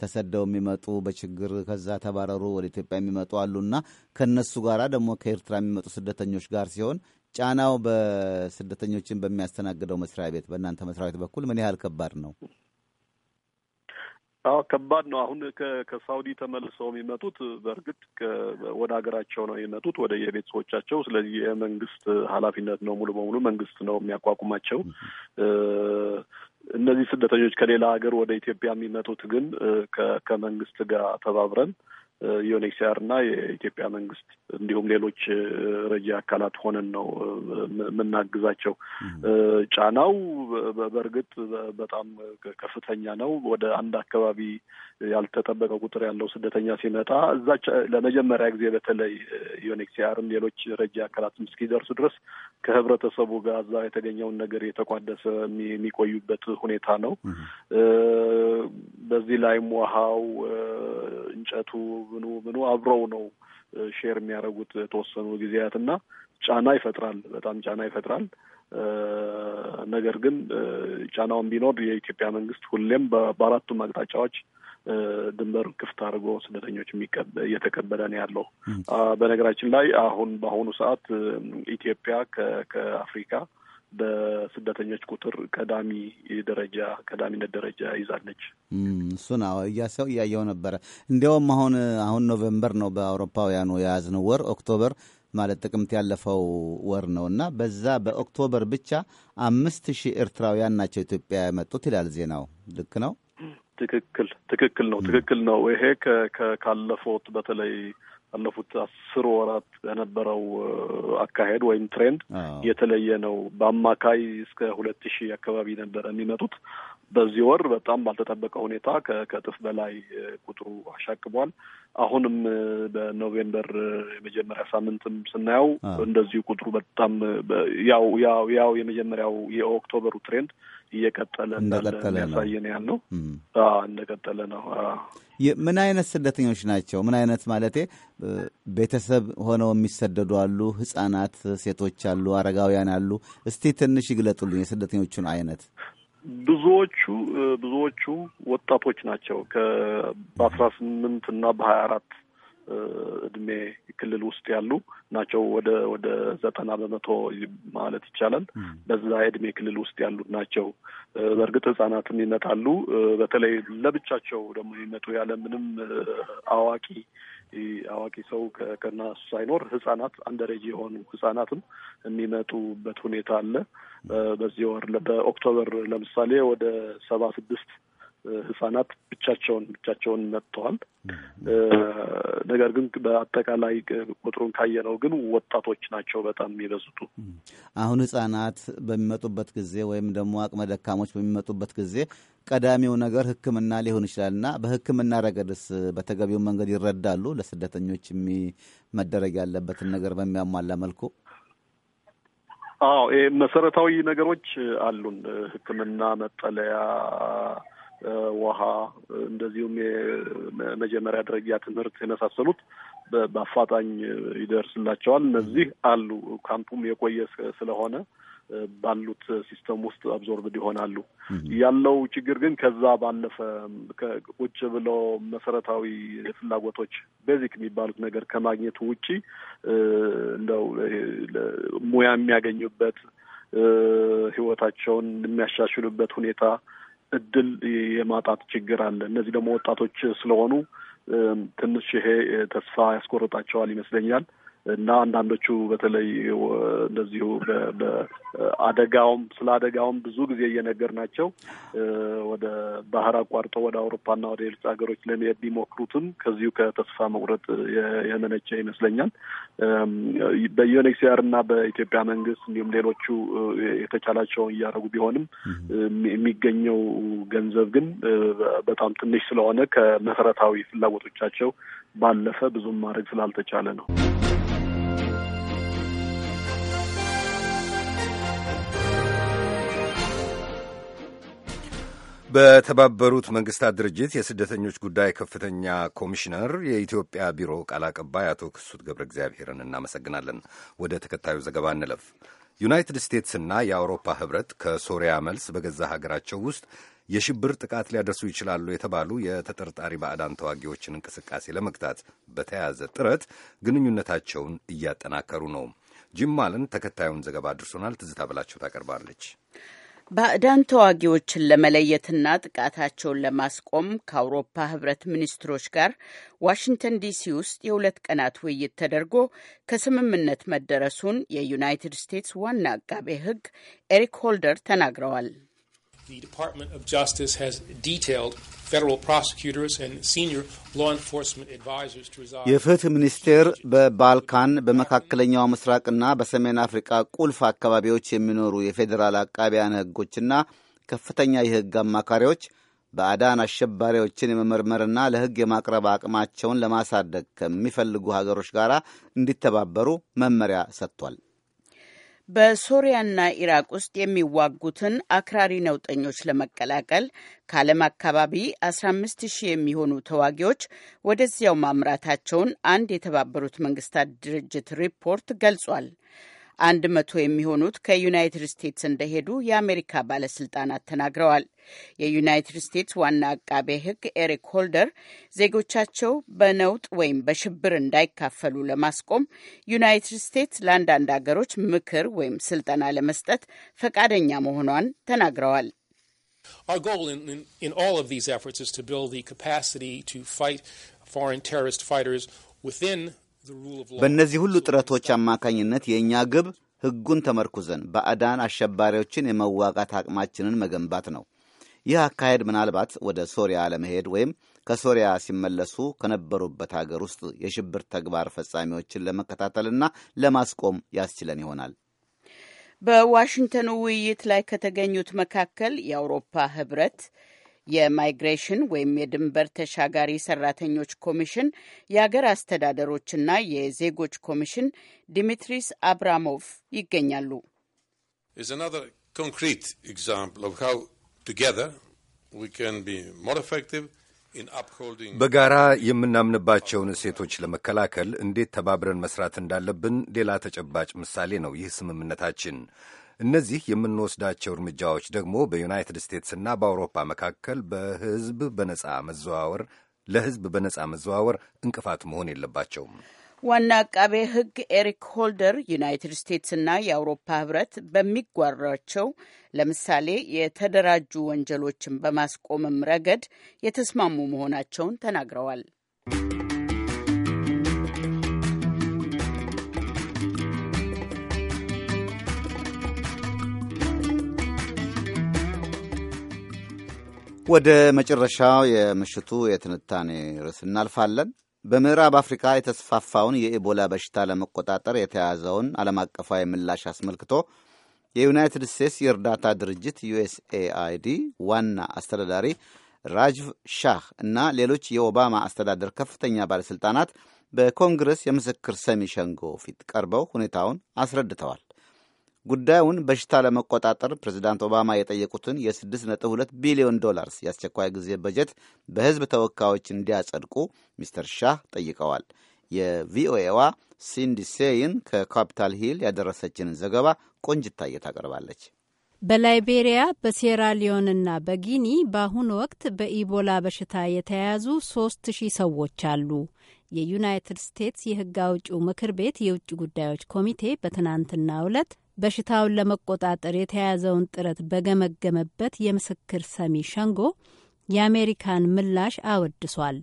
ተሰደው የሚመጡ በችግር ከዛ ተባረሩ ወደ ኢትዮጵያ የሚመጡ አሉና ከእነሱ ጋር ደግሞ ከኤርትራ የሚመጡ ስደተኞች ጋር ሲሆን ጫናው በስደተኞችን በሚያስተናግደው መስሪያ ቤት በእናንተ መስሪያ ቤት በኩል ምን ያህል ከባድ ነው?
አዎ ከባድ ነው። አሁን ከሳውዲ ተመልሰው የሚመጡት በእርግጥ ወደ ሀገራቸው ነው የሚመጡት ወደ የቤተሰቦቻቸው። ስለዚህ የመንግስት ኃላፊነት ነው ሙሉ በሙሉ መንግስት ነው የሚያቋቁማቸው። እነዚህ ስደተኞች ከሌላ ሀገር ወደ ኢትዮጵያ የሚመጡት ግን ከመንግስት ጋር ተባብረን ዩኤንኤችሲአር እና የኢትዮጵያ መንግስት እንዲሁም ሌሎች ረጂ አካላት ሆነን ነው የምናግዛቸው። ጫናው በእርግጥ በጣም ከፍተኛ ነው። ወደ አንድ አካባቢ ያልተጠበቀ ቁጥር ያለው ስደተኛ ሲመጣ እዛ ለመጀመሪያ ጊዜ በተለይ ዩኤንኤችሲአርም ሌሎች ረጂ አካላትም እስኪደርሱ ድረስ ከህብረተሰቡ ጋር እዛ የተገኘውን ነገር የተቋደሰ የሚቆዩበት ሁኔታ ነው። በዚህ ላይም ውሃው፣ እንጨቱ ምኑ ምኑ አብረው ነው ሼር የሚያደርጉት የተወሰኑ ጊዜያት እና ጫና ይፈጥራል፣ በጣም ጫና ይፈጥራል። ነገር ግን ጫናውን ቢኖር የኢትዮጵያ መንግስት ሁሌም በአራቱም አቅጣጫዎች ድንበር ክፍት አድርጎ ስደተኞች እየተቀበለ ነው ያለው። በነገራችን ላይ አሁን በአሁኑ ሰዓት ኢትዮጵያ ከአፍሪካ በስደተኞች ቁጥር ቀዳሚ ደረጃ ቀዳሚነት ደረጃ ይዛለች።
እሱን እያሰው እያየው ነበረ። እንዲያውም አሁን አሁን ኖቬምበር ነው በአውሮፓውያኑ የያዝነው ወር ኦክቶበር ማለት ጥቅምት ያለፈው ወር ነው እና በዛ በኦክቶበር ብቻ አምስት ሺህ ኤርትራውያን ናቸው ኢትዮጵያ የመጡት ይላል ዜናው። ልክ ነው።
ትክክል ትክክል ነው ትክክል ነው። ይሄ ካለፉት በተለይ ባለፉት አስር ወራት የነበረው አካሄድ ወይም ትሬንድ የተለየ ነው። በአማካይ እስከ ሁለት ሺህ አካባቢ ነበር የሚመጡት። በዚህ ወር በጣም ባልተጠበቀ ሁኔታ ከእጥፍ በላይ ቁጥሩ አሻቅቧል። አሁንም በኖቬምበር የመጀመሪያ ሳምንትም ስናየው እንደዚሁ ቁጥሩ በጣም ያው ያው ያው የመጀመሪያው የኦክቶበሩ ትሬንድ እየቀጠለ እንዳለ ያሳየን ያለው እንደቀጠለ ነው።
ምን አይነት ስደተኞች ናቸው? ምን አይነት ማለቴ ቤተሰብ ሆነው የሚሰደዱ አሉ፣ ህጻናት፣ ሴቶች አሉ፣ አረጋውያን አሉ። እስቲ ትንሽ ይግለጡልኝ የስደተኞቹን አይነት።
ብዙዎቹ ብዙዎቹ ወጣቶች ናቸው። በአስራ ስምንት እና በሀያ አራት እድሜ ክልል ውስጥ ያሉ ናቸው። ወደ ወደ ዘጠና በመቶ ማለት ይቻላል በዛ የእድሜ ክልል ውስጥ ያሉ ናቸው። በእርግጥ ህጻናትም ይመጣሉ። በተለይ ለብቻቸው ደግሞ ይመጡ ያለ ምንም አዋቂ አዋቂ ሰው ከእነሱ ሳይኖር ህጻናት አንደረጅ የሆኑ ህጻናትም የሚመጡበት ሁኔታ አለ። በዚህ ወር በኦክቶበር ለምሳሌ ወደ ሰባ ስድስት ህጻናት ብቻቸውን ብቻቸውን መጥተዋል። ነገር ግን በአጠቃላይ ቁጥሩን ካየነው ግን ወጣቶች ናቸው በጣም የሚበዙቱ።
አሁን ህጻናት በሚመጡበት ጊዜ ወይም ደግሞ አቅመ ደካሞች በሚመጡበት ጊዜ ቀዳሚው ነገር ሕክምና ሊሆን ይችላል እና በሕክምና ረገድስ በተገቢው መንገድ ይረዳሉ ለስደተኞች መደረግ ያለበትን ነገር በሚያሟላ መልኩ
አዎ፣ መሰረታዊ ነገሮች አሉን። ህክምና መጠለያ ውሃ፣ እንደዚሁም የመጀመሪያ ደረጃ ትምህርት የመሳሰሉት በአፋጣኝ ይደርስላቸዋል። እነዚህ አሉ። ካምፑም የቆየ ስለሆነ ባሉት ሲስተም ውስጥ አብዞርብድ ይሆናሉ። ያለው ችግር ግን ከዛ ባለፈ ቁጭ ብሎ መሰረታዊ ፍላጎቶች ቤዚክ የሚባሉት ነገር ከማግኘቱ ውጪ እንደው ሙያ የሚያገኙበት ህይወታቸውን የሚያሻሽሉበት ሁኔታ እድል የማጣት ችግር አለ። እነዚህ ደግሞ ወጣቶች ስለሆኑ ትንሽ ይሄ ተስፋ ያስቆርጣቸዋል ይመስለኛል። እና አንዳንዶቹ በተለይ እንደዚሁ በአደጋውም ስለ አደጋውም ብዙ ጊዜ እየነገር ናቸው ወደ ባህር አቋርጦ ወደ አውሮፓና ወደ ሌሎች ሀገሮች ለመሄድ ቢሞክሩትም ከዚሁ ከተስፋ መቁረጥ የመነጨ ይመስለኛል። በዩኤንኤችሲአር እና በኢትዮጵያ መንግስት እንዲሁም ሌሎቹ የተቻላቸውን እያደረጉ ቢሆንም የሚገኘው ገንዘብ ግን በጣም ትንሽ ስለሆነ ከመሰረታዊ ፍላጎቶቻቸው ባለፈ ብዙም ማድረግ ስላልተቻለ ነው።
በተባበሩት መንግስታት ድርጅት የስደተኞች ጉዳይ ከፍተኛ ኮሚሽነር የኢትዮጵያ ቢሮ ቃል አቀባይ አቶ ክሱት ገብረ እግዚአብሔርን እናመሰግናለን። ወደ ተከታዩ ዘገባ እንለፍ። ዩናይትድ ስቴትስና የአውሮፓ ህብረት ከሶሪያ መልስ በገዛ ሀገራቸው ውስጥ የሽብር ጥቃት ሊያደርሱ ይችላሉ የተባሉ የተጠርጣሪ ባዕዳን ተዋጊዎችን እንቅስቃሴ ለመግታት በተያያዘ ጥረት ግንኙነታቸውን እያጠናከሩ ነው። ጂም ማለን ተከታዩን ዘገባ አድርሶናል። ትዝታ ብላቸው ታቀርባለች።
ባዕዳን ተዋጊዎችን ለመለየትና ጥቃታቸውን ለማስቆም ከአውሮፓ ህብረት ሚኒስትሮች ጋር ዋሽንግተን ዲሲ ውስጥ የሁለት ቀናት ውይይት ተደርጎ ከስምምነት መደረሱን የዩናይትድ ስቴትስ ዋና አቃቤ ህግ ኤሪክ ሆልደር ተናግረዋል።
The Department of Justice has detailed federal prosecutors and senior law enforcement advisors to resolve የፍትህ
ሚኒስቴር በባልካን በመካከለኛው ምስራቅና በሰሜን አፍሪካ ቁልፍ አካባቢዎች የሚኖሩ የፌዴራል አቃቢያን ህጎችና ከፍተኛ የህግ አማካሪዎች በአዳን አሸባሪዎችን የመመርመርና ለህግ የማቅረብ አቅማቸውን ለማሳደግ ከሚፈልጉ ሀገሮች ጋር እንዲተባበሩ መመሪያ ሰጥቷል።
በሶሪያና ኢራቅ ውስጥ የሚዋጉትን አክራሪ ነውጠኞች ለመቀላቀል ከዓለም አካባቢ 150 የሚሆኑ ተዋጊዎች ወደዚያው ማምራታቸውን አንድ የተባበሩት መንግስታት ድርጅት ሪፖርት ገልጿል። አንድ መቶ የሚሆኑት ከዩናይትድ ስቴትስ እንደሄዱ የአሜሪካ ባለስልጣናት ተናግረዋል። የዩናይትድ ስቴትስ ዋና አቃቤ ሕግ ኤሪክ ሆልደር ዜጎቻቸው በነውጥ ወይም በሽብር እንዳይካፈሉ ለማስቆም ዩናይትድ ስቴትስ ለአንዳንድ አገሮች ምክር ወይም ስልጠና ለመስጠት ፈቃደኛ መሆኗን ተናግረዋል።
Our goal in, in, in all of these efforts is to build the capacity to fight foreign terrorist fighters within በእነዚህ
ሁሉ
ጥረቶች አማካኝነት የእኛ ግብ ሕጉን ተመርኩዘን ባዕዳን አሸባሪዎችን የመዋጋት አቅማችንን መገንባት ነው። ይህ አካሄድ ምናልባት ወደ ሶሪያ ለመሄድ ወይም ከሶሪያ ሲመለሱ ከነበሩበት አገር ውስጥ የሽብር ተግባር ፈጻሚዎችን ለመከታተልና ለማስቆም ያስችለን ይሆናል።
በዋሽንግተኑ ውይይት ላይ ከተገኙት መካከል የአውሮፓ ህብረት የማይግሬሽን ወይም የድንበር ተሻጋሪ ሰራተኞች ኮሚሽን የአገር አስተዳደሮችና የዜጎች ኮሚሽን ዲሚትሪስ አብራሞቭ ይገኛሉ።
በጋራ የምናምንባቸውን እሴቶች ለመከላከል እንዴት ተባብረን መስራት እንዳለብን ሌላ ተጨባጭ ምሳሌ ነው ይህ ስምምነታችን። እነዚህ የምንወስዳቸው እርምጃዎች ደግሞ በዩናይትድ ስቴትስና በአውሮፓ መካከል በህዝብ በነጻ መዘዋወር ለህዝብ በነጻ መዘዋወር እንቅፋት መሆን የለባቸውም።
ዋና አቃቤ ህግ ኤሪክ ሆልደር ዩናይትድ ስቴትስና የአውሮፓ ህብረት በሚጓራቸው ለምሳሌ የተደራጁ ወንጀሎችን በማስቆምም ረገድ የተስማሙ መሆናቸውን ተናግረዋል።
ወደ መጨረሻው የምሽቱ የትንታኔ ርዕስ እናልፋለን። በምዕራብ አፍሪካ የተስፋፋውን የኢቦላ በሽታ ለመቆጣጠር የተያዘውን ዓለም አቀፋዊ ምላሽ አስመልክቶ የዩናይትድ ስቴትስ የእርዳታ ድርጅት ዩኤስኤአይዲ ዋና አስተዳዳሪ ራጅቭ ሻህ እና ሌሎች የኦባማ አስተዳደር ከፍተኛ ባለሥልጣናት በኮንግረስ የምስክር ሰሚ ሸንጎ ፊት ቀርበው ሁኔታውን አስረድተዋል። ጉዳዩን በሽታ ለመቆጣጠር ፕሬዚዳንት ኦባማ የጠየቁትን የ6.2 ቢሊዮን ዶላርስ የአስቸኳይ ጊዜ በጀት በሕዝብ ተወካዮች እንዲያጸድቁ ሚስተር ሻህ ጠይቀዋል። የቪኦኤዋ ሲንዲሴይን ከካፒታል ሂል ያደረሰችንን ዘገባ ቆንጅታዬ ታቀርባለች።
በላይቤሪያ በሴራሊዮንና በጊኒ በአሁኑ ወቅት በኢቦላ በሽታ የተያያዙ ሶስት ሺህ ሰዎች አሉ። የዩናይትድ ስቴትስ የህግ አውጪው ምክር ቤት የውጭ ጉዳዮች ኮሚቴ በትናንትናው ዕለት በሽታውን ለመቆጣጠር የተያዘውን ጥረት በገመገመበት የምስክር ሰሚ ሸንጎ የአሜሪካን ምላሽ አወድሷል።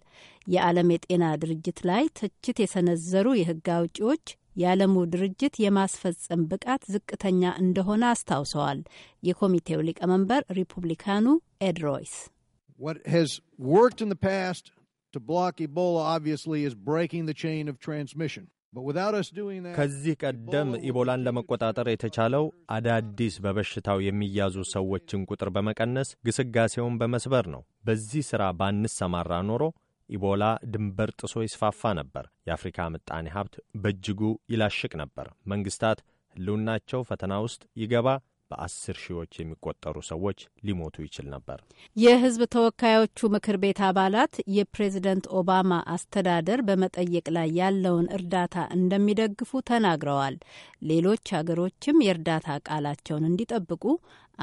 የዓለም የጤና ድርጅት ላይ ትችት የሰነዘሩ የሕግ አውጪዎች የዓለሙ ድርጅት የማስፈጸም ብቃት ዝቅተኛ እንደሆነ አስታውሰዋል። የኮሚቴው ሊቀመንበር ሪፑብሊካኑ ኤድ ሮይስ
ከዚህ
ቀደም ኢቦላን ለመቆጣጠር የተቻለው አዳዲስ በበሽታው የሚያዙ ሰዎችን ቁጥር በመቀነስ ግስጋሴውን በመስበር ነው። በዚህ ሥራ ባንሰማራ ኖሮ ኢቦላ ድንበር ጥሶ ይስፋፋ ነበር። የአፍሪካ ምጣኔ ሀብት በእጅጉ ይላሽቅ ነበር። መንግሥታት ሕልውናቸው ፈተና ውስጥ ይገባ በአስር ሺዎች የሚቆጠሩ ሰዎች ሊሞቱ ይችል ነበር።
የህዝብ ተወካዮቹ ምክር ቤት አባላት የፕሬዝደንት ኦባማ አስተዳደር በመጠየቅ ላይ ያለውን እርዳታ እንደሚደግፉ ተናግረዋል። ሌሎች ሀገሮችም የእርዳታ ቃላቸውን እንዲጠብቁ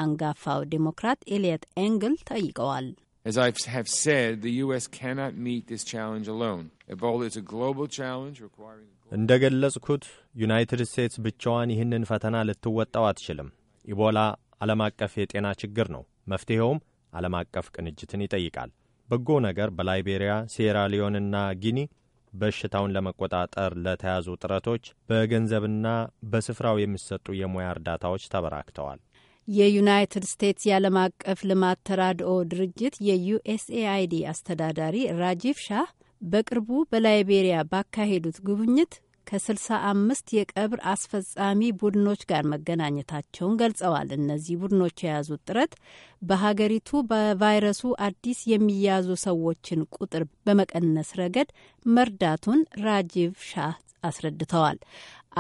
አንጋፋው ዴሞክራት ኤልየት ኤንግል ጠይቀዋል።
As I have said, the U.S. cannot meet this challenge alone. Ebola is a global challenge requiring...
እንደ ገለጽኩት
ዩናይትድ ስቴትስ ብቻዋን ይህንን ፈተና ልትወጣው አትችልም። ኢቦላ ዓለም አቀፍ የጤና ችግር ነው። መፍትሔውም ዓለም አቀፍ ቅንጅትን ይጠይቃል። በጎ ነገር በላይቤሪያ፣ ሴራሊዮንና ጊኒ በሽታውን ለመቆጣጠር ለተያዙ ጥረቶች በገንዘብና በስፍራው የሚሰጡ የሙያ እርዳታዎች ተበራክተዋል።
የዩናይትድ ስቴትስ የዓለም አቀፍ ልማት ተራድኦ ድርጅት የዩኤስኤአይዲ አስተዳዳሪ ራጂቭ ሻህ በቅርቡ በላይቤሪያ ባካሄዱት ጉብኝት ከ65 የቀብር አስፈጻሚ ቡድኖች ጋር መገናኘታቸውን ገልጸዋል። እነዚህ ቡድኖች የያዙት ጥረት በሀገሪቱ በቫይረሱ አዲስ የሚያዙ ሰዎችን ቁጥር በመቀነስ ረገድ መርዳቱን ራጂቭ ሻህ አስረድተዋል።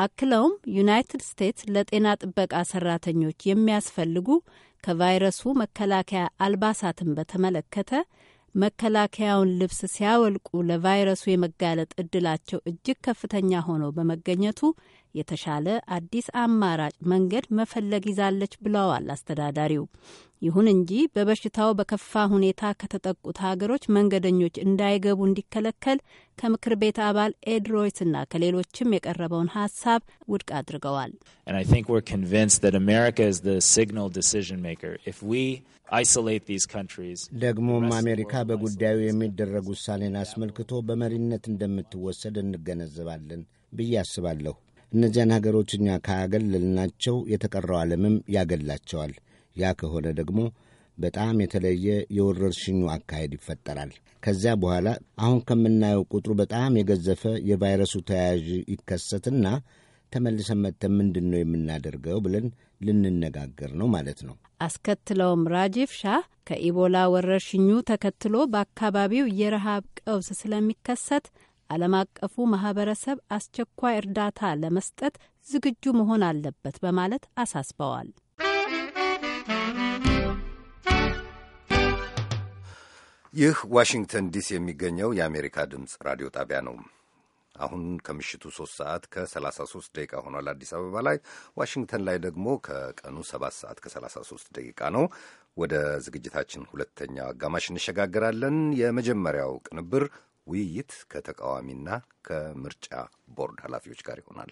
አክለውም ዩናይትድ ስቴትስ ለጤና ጥበቃ ሰራተኞች የሚያስፈልጉ ከቫይረሱ መከላከያ አልባሳትን በተመለከተ መከላከያውን ልብስ ሲያወልቁ ለቫይረሱ የመጋለጥ እድላቸው እጅግ ከፍተኛ ሆኖ በመገኘቱ የተሻለ አዲስ አማራጭ መንገድ መፈለግ ይዛለች ብለዋል አስተዳዳሪው። ይሁን እንጂ በበሽታው በከፋ ሁኔታ ከተጠቁት ሀገሮች መንገደኞች እንዳይገቡ እንዲከለከል ከምክር ቤት አባል ኤድ እና ከሌሎችም የቀረበውን ሀሳብ ውድቅ አድርገዋል።
ደግሞም አሜሪካ በጉዳዩ የሚደረግ ውሳኔን አስመልክቶ በመሪነት እንደምትወሰድ እንገነዘባለን ብዬ አስባለሁ። እነዚያን ሀገሮች እኛ ካገለልናቸው የተቀረው ዓለምም ያገላቸዋል። ያ ከሆነ ደግሞ በጣም የተለየ የወረርሽኙ አካሄድ ይፈጠራል። ከዚያ በኋላ አሁን ከምናየው ቁጥሩ በጣም የገዘፈ የቫይረሱ ተያያዥ ይከሰትና ተመልሰን መጥተን ምንድን ነው የምናደርገው ብለን ልንነጋገር ነው ማለት ነው።
አስከትለውም ራጂፍ ሻህ ከኢቦላ ወረርሽኙ ተከትሎ በአካባቢው የረሃብ ቀውስ ስለሚከሰት ዓለም አቀፉ ማህበረሰብ አስቸኳይ እርዳታ ለመስጠት ዝግጁ መሆን አለበት በማለት አሳስበዋል።
ይህ ዋሽንግተን ዲሲ የሚገኘው የአሜሪካ ድምፅ ራዲዮ ጣቢያ ነው። አሁን ከምሽቱ 3 ሰዓት ከ33 ደቂቃ ሆኗል አዲስ አበባ ላይ። ዋሽንግተን ላይ ደግሞ ከቀኑ 7 ሰዓት ከ33 ደቂቃ ነው። ወደ ዝግጅታችን ሁለተኛው አጋማሽ እንሸጋግራለን። የመጀመሪያው ቅንብር ውይይት ከተቃዋሚና ከምርጫ ቦርድ ኃላፊዎች ጋር ይሆናል።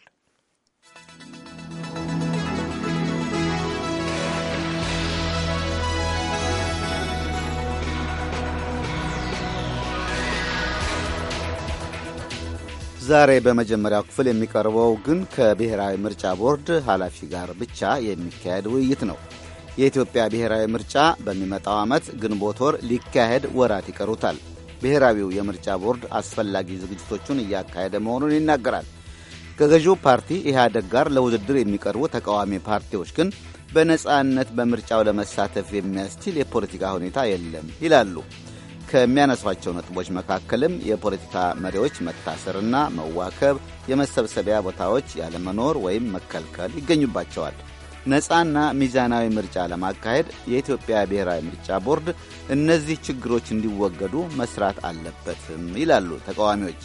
ዛሬ በመጀመሪያው ክፍል የሚቀርበው ግን ከብሔራዊ ምርጫ ቦርድ ኃላፊ ጋር ብቻ የሚካሄድ ውይይት ነው። የኢትዮጵያ ብሔራዊ ምርጫ በሚመጣው ዓመት ግንቦት ወር ሊካሄድ ወራት ይቀሩታል። ብሔራዊው የምርጫ ቦርድ አስፈላጊ ዝግጅቶቹን እያካሄደ መሆኑን ይናገራል። ከገዢው ፓርቲ ኢህአደግ ጋር ለውድድር የሚቀርቡ ተቃዋሚ ፓርቲዎች ግን በነጻነት በምርጫው ለመሳተፍ የሚያስችል የፖለቲካ ሁኔታ የለም ይላሉ። ከሚያነሷቸው ነጥቦች መካከልም የፖለቲካ መሪዎች መታሰርና መዋከብ፣ የመሰብሰቢያ ቦታዎች ያለመኖር ወይም መከልከል ይገኙባቸዋል። ነፃና ሚዛናዊ ምርጫ ለማካሄድ የኢትዮጵያ ብሔራዊ ምርጫ ቦርድ እነዚህ ችግሮች እንዲወገዱ መስራት አለበትም ይላሉ ተቃዋሚዎች።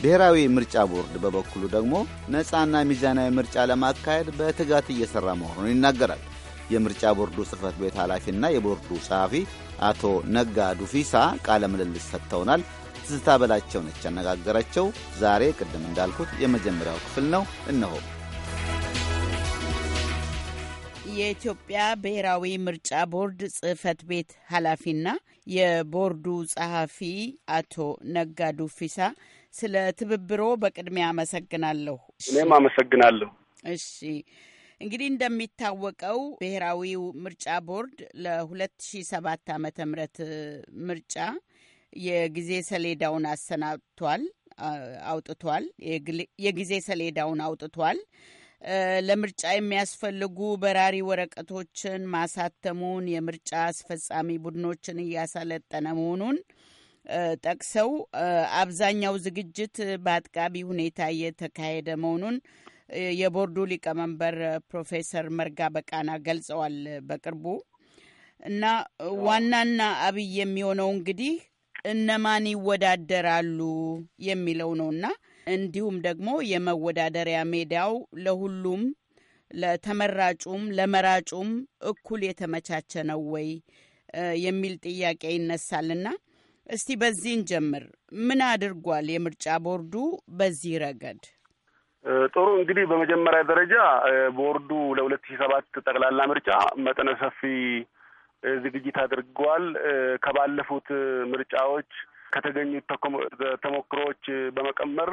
ብሔራዊ ምርጫ ቦርድ በበኩሉ ደግሞ ነፃና ሚዛናዊ ምርጫ ለማካሄድ በትጋት እየሰራ መሆኑን ይናገራል። የምርጫ ቦርዱ ጽህፈት ቤት ኃላፊና የቦርዱ ጸሐፊ አቶ ነጋ ዱፊሳ ቃለ ምልልስ ሰጥተውናል። ትዝታ በላቸው ነች ያነጋገራቸው። ዛሬ ቅድም እንዳልኩት የመጀመሪያው ክፍል ነው እነሆ።
የኢትዮጵያ ብሔራዊ ምርጫ ቦርድ ጽህፈት ቤት ኃላፊና የቦርዱ ጸሐፊ አቶ ነጋዱ ፊሳ ስለ ትብብሮ በቅድሚያ አመሰግናለሁ። እኔም አመሰግናለሁ። እሺ እንግዲህ እንደሚታወቀው ብሔራዊው ምርጫ ቦርድ ለ2007 ዓ ም ምርጫ የጊዜ ሰሌዳውን አሰናብቷል አውጥቷል። የጊዜ ሰሌዳውን አውጥቷል። ለምርጫ የሚያስፈልጉ በራሪ ወረቀቶችን ማሳተሙን የምርጫ አስፈጻሚ ቡድኖችን እያሰለጠነ መሆኑን ጠቅሰው አብዛኛው ዝግጅት በአጥቃቢ ሁኔታ እየተካሄደ መሆኑን የቦርዱ ሊቀመንበር ፕሮፌሰር መርጋ በቃና ገልጸዋል። በቅርቡ እና ዋናና አብይ የሚሆነው እንግዲህ እነማን ይወዳደራሉ የሚለው ነውና እንዲሁም ደግሞ የመወዳደሪያ ሜዳው ለሁሉም ለተመራጩም ለመራጩም እኩል የተመቻቸ ነው ወይ የሚል ጥያቄ ይነሳልና እስቲ በዚህ እንጀምር። ምን አድርጓል የምርጫ ቦርዱ በዚህ ረገድ?
ጥሩ እንግዲህ በመጀመሪያ ደረጃ ቦርዱ ለሁለት ሺህ ሰባት ጠቅላላ ምርጫ መጠነ ሰፊ ዝግጅት አድርጓል። ከባለፉት ምርጫዎች ከተገኙት ተሞክሮዎች በመቀመር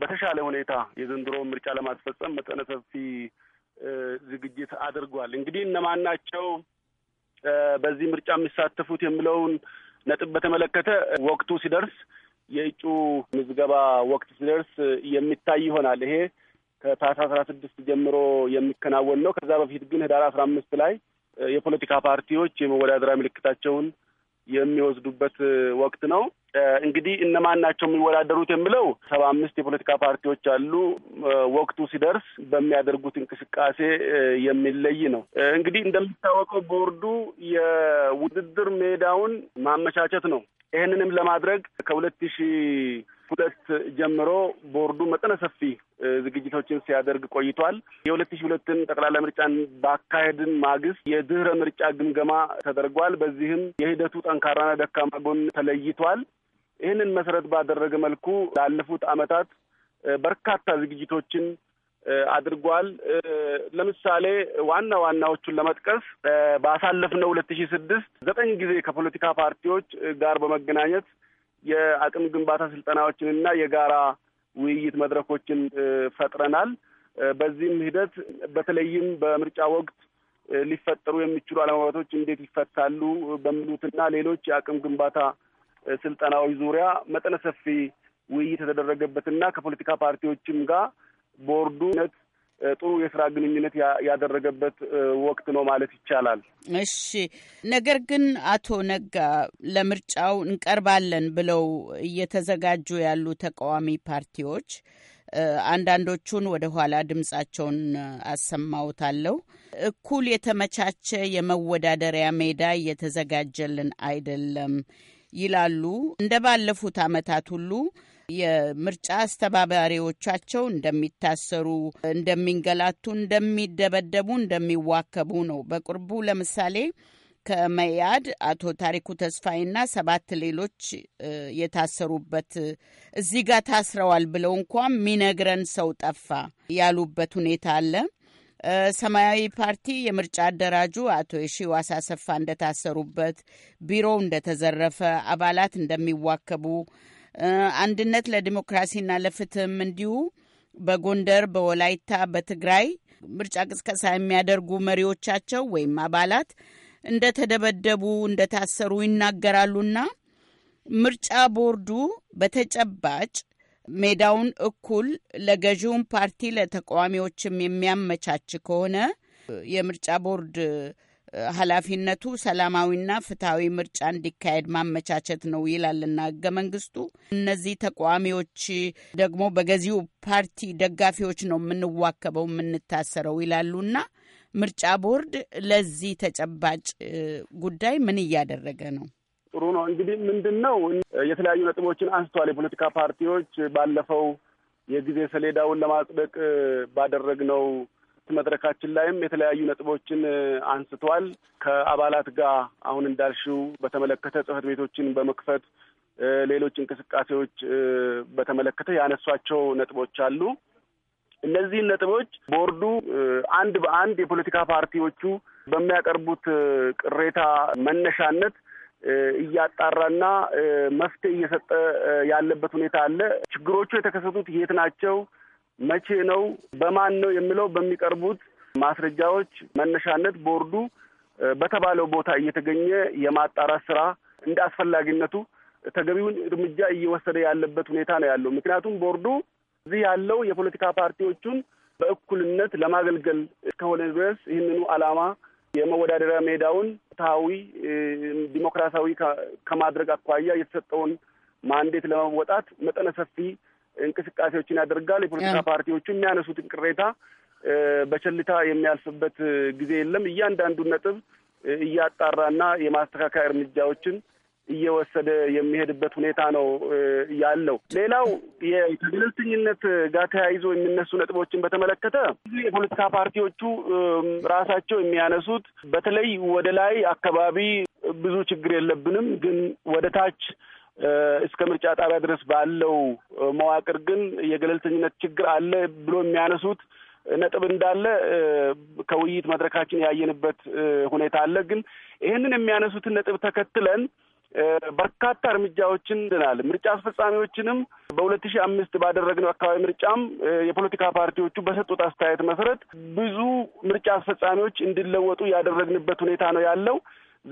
በተሻለ ሁኔታ የዘንድሮ ምርጫ ለማስፈጸም መጠነ ሰፊ ዝግጅት አድርጓል። እንግዲህ እነማን ናቸው በዚህ ምርጫ የሚሳተፉት የሚለውን ነጥብ በተመለከተ ወቅቱ ሲደርስ የእጩ ምዝገባ ወቅት ሲደርስ የሚታይ ይሆናል። ይሄ ከታህሳስ አስራ ስድስት ጀምሮ የሚከናወን ነው። ከዛ በፊት ግን ህዳር አስራ አምስት ላይ የፖለቲካ ፓርቲዎች የመወዳደሪያ ምልክታቸውን የሚወስዱበት ወቅት ነው። እንግዲህ እነማን ናቸው የሚወዳደሩት የሚለው ሰባ አምስት የፖለቲካ ፓርቲዎች አሉ። ወቅቱ ሲደርስ በሚያደርጉት እንቅስቃሴ የሚለይ ነው። እንግዲህ እንደሚታወቀው ቦርዱ የውድድር ሜዳውን ማመቻቸት ነው። ይህንንም ለማድረግ ከሁለት ሺህ ሁለት ጀምሮ ቦርዱ መጠነ ሰፊ ዝግጅቶችን ሲያደርግ ቆይቷል። የሁለት ሺ ሁለትን ጠቅላላ ምርጫን ባካሄድን ማግስት የድህረ ምርጫ ግምገማ ተደርጓል። በዚህም የሂደቱ ጠንካራና ደካማ ጎን ተለይቷል። ይህንን መሰረት ባደረገ መልኩ ላለፉት ዓመታት በርካታ ዝግጅቶችን አድርጓል። ለምሳሌ ዋና ዋናዎቹን ለመጥቀስ ባሳለፍነው ሁለት ሺ ስድስት ዘጠኝ ጊዜ ከፖለቲካ ፓርቲዎች ጋር በመገናኘት የአቅም ግንባታ ስልጠናዎችንና የጋራ ውይይት መድረኮችን ፈጥረናል። በዚህም ሂደት በተለይም በምርጫ ወቅት ሊፈጠሩ የሚችሉ አለመግባባቶች እንዴት ይፈታሉ በሚሉትና ሌሎች የአቅም ግንባታ ስልጠናዎች ዙሪያ መጠነ ሰፊ ውይይት የተደረገበትና ከፖለቲካ ፓርቲዎችም ጋር ቦርዱ ነት ጥሩ የስራ ግንኙነት ያደረገበት ወቅት ነው ማለት ይቻላል።
እሺ፣ ነገር ግን አቶ ነጋ ለምርጫው እንቀርባለን ብለው እየተዘጋጁ ያሉ ተቃዋሚ ፓርቲዎች አንዳንዶቹን ወደ ኋላ ድምጻቸውን አሰማውታለሁ። እኩል የተመቻቸ የመወዳደሪያ ሜዳ እየተዘጋጀልን አይደለም ይላሉ። እንደ ባለፉት አመታት ሁሉ የምርጫ አስተባባሪዎቻቸው እንደሚታሰሩ፣ እንደሚንገላቱ፣ እንደሚደበደቡ፣ እንደሚዋከቡ ነው። በቅርቡ ለምሳሌ ከመያድ አቶ ታሪኩ ተስፋይና ሰባት ሌሎች የታሰሩበት እዚህ ጋር ታስረዋል ብለው እንኳን የሚነግረን ሰው ጠፋ ያሉበት ሁኔታ አለ። ሰማያዊ ፓርቲ የምርጫ አደራጁ አቶ የሺዋስ አሰፋ እንደታሰሩበት፣ ቢሮው እንደተዘረፈ፣ አባላት እንደሚዋከቡ አንድነት ለዲሞክራሲና ለፍትህም እንዲሁ በጎንደር፣ በወላይታ፣ በትግራይ ምርጫ ቅስቀሳ የሚያደርጉ መሪዎቻቸው ወይም አባላት እንደተደበደቡ፣ እንደታሰሩ ይናገራሉና ምርጫ ቦርዱ በተጨባጭ ሜዳውን እኩል ለገዢውም ፓርቲ ለተቃዋሚዎችም የሚያመቻች ከሆነ የምርጫ ቦርድ ኃላፊነቱ ሰላማዊና ፍትሐዊ ምርጫ እንዲካሄድ ማመቻቸት ነው ይላልና ህገ መንግስቱ። እነዚህ ተቃዋሚዎች ደግሞ በገዢው ፓርቲ ደጋፊዎች ነው የምንዋከበው የምንታሰረው ይላሉና ምርጫ ቦርድ ለዚህ ተጨባጭ ጉዳይ ምን እያደረገ ነው?
ጥሩ ነው። እንግዲህ ምንድን ነው የተለያዩ ነጥቦችን አንስቷል። የፖለቲካ ፓርቲዎች ባለፈው የጊዜ ሰሌዳውን ለማጽደቅ ባደረግነው ውይይት መድረካችን ላይም የተለያዩ ነጥቦችን አንስቷል። ከአባላት ጋር አሁን እንዳልሽው በተመለከተ ጽህፈት ቤቶችን በመክፈት ሌሎች እንቅስቃሴዎች በተመለከተ ያነሷቸው ነጥቦች አሉ። እነዚህን ነጥቦች ቦርዱ አንድ በአንድ የፖለቲካ ፓርቲዎቹ በሚያቀርቡት ቅሬታ መነሻነት እያጣራና መፍትሄ እየሰጠ ያለበት ሁኔታ አለ። ችግሮቹ የተከሰቱት የት ናቸው? መቼ ነው፣ በማን ነው የሚለው በሚቀርቡት ማስረጃዎች መነሻነት ቦርዱ በተባለው ቦታ እየተገኘ የማጣራት ስራ እንደ አስፈላጊነቱ ተገቢውን እርምጃ እየወሰደ ያለበት ሁኔታ ነው ያለው። ምክንያቱም ቦርዱ እዚህ ያለው የፖለቲካ ፓርቲዎቹን በእኩልነት ለማገልገል እስከሆነ ድረስ ይህንኑ ዓላማ የመወዳደሪያ ሜዳውን ፍትሐዊ፣ ዲሞክራሲያዊ ከማድረግ አኳያ የተሰጠውን ማንዴት ለመወጣት መጠነ ሰፊ እንቅስቃሴዎችን ያደርጋል። የፖለቲካ ፓርቲዎቹ የሚያነሱትን ቅሬታ በቸልታ የሚያልፍበት ጊዜ የለም። እያንዳንዱን ነጥብ እያጣራና የማስተካከያ እርምጃዎችን እየወሰደ የሚሄድበት ሁኔታ ነው ያለው። ሌላው የገለልተኝነት ጋር ተያይዞ የሚነሱ ነጥቦችን በተመለከተ የፖለቲካ ፓርቲዎቹ ራሳቸው የሚያነሱት በተለይ ወደ ላይ አካባቢ ብዙ ችግር የለብንም፣ ግን ወደ ታች እስከ ምርጫ ጣቢያ ድረስ ባለው መዋቅር ግን የገለልተኝነት ችግር አለ ብሎ የሚያነሱት ነጥብ እንዳለ ከውይይት መድረካችን ያየንበት ሁኔታ አለ። ግን ይህንን የሚያነሱትን ነጥብ ተከትለን በርካታ እርምጃዎችን ድናል። ምርጫ አስፈጻሚዎችንም በሁለት ሺህ አምስት ባደረግነው አካባቢ ምርጫም የፖለቲካ ፓርቲዎቹ በሰጡት አስተያየት መሰረት ብዙ ምርጫ አስፈጻሚዎች እንዲለወጡ ያደረግንበት ሁኔታ ነው ያለው።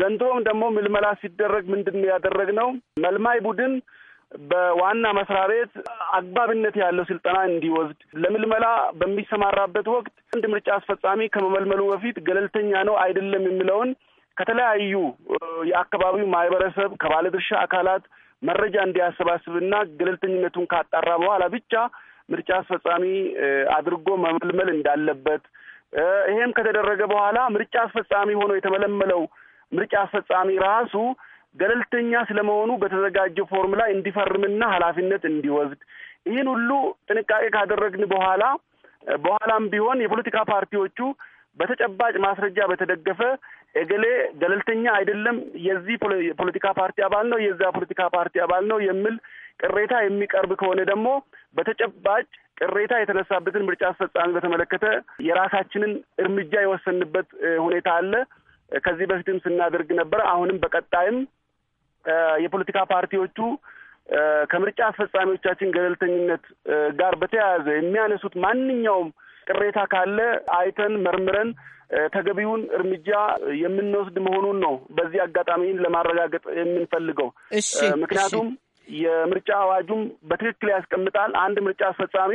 ዘንድሮም ደግሞ ምልመላ ሲደረግ ምንድን ነው ያደረግነው? መልማይ ቡድን በዋና መስሪያ ቤት አግባብነት ያለው ስልጠና እንዲወስድ ለምልመላ በሚሰማራበት ወቅት አንድ ምርጫ አስፈጻሚ ከመመልመሉ በፊት ገለልተኛ ነው አይደለም የሚለውን ከተለያዩ የአካባቢው ማህበረሰብ ከባለድርሻ አካላት መረጃ እንዲያሰባስብና ገለልተኝነቱን ካጣራ በኋላ ብቻ ምርጫ አስፈጻሚ አድርጎ መመልመል እንዳለበት፣ ይሄም ከተደረገ በኋላ ምርጫ አስፈጻሚ ሆኖ የተመለመለው ምርጫ አስፈጻሚ ራሱ ገለልተኛ ስለመሆኑ በተዘጋጀ ፎርም ላይ እንዲፈርምና ኃላፊነት እንዲወስድ ይህን ሁሉ ጥንቃቄ ካደረግን በኋላ በኋላም ቢሆን የፖለቲካ ፓርቲዎቹ በተጨባጭ ማስረጃ በተደገፈ እገሌ ገለልተኛ አይደለም፣ የዚህ ፖለቲካ ፓርቲ አባል ነው፣ የዚያ ፖለቲካ ፓርቲ አባል ነው የሚል ቅሬታ የሚቀርብ ከሆነ ደግሞ በተጨባጭ ቅሬታ የተነሳበትን ምርጫ አስፈጻሚ በተመለከተ የራሳችንን እርምጃ የወሰንበት ሁኔታ አለ። ከዚህ በፊትም ስናደርግ ነበር አሁንም በቀጣይም የፖለቲካ ፓርቲዎቹ ከምርጫ አስፈጻሚዎቻችን ገለልተኝነት ጋር በተያያዘ የሚያነሱት ማንኛውም ቅሬታ ካለ አይተን መርምረን ተገቢውን እርምጃ የምንወስድ መሆኑን ነው በዚህ አጋጣሚ ለማረጋገጥ የምንፈልገው። ምክንያቱም የምርጫ አዋጁም በትክክል ያስቀምጣል። አንድ ምርጫ አስፈጻሚ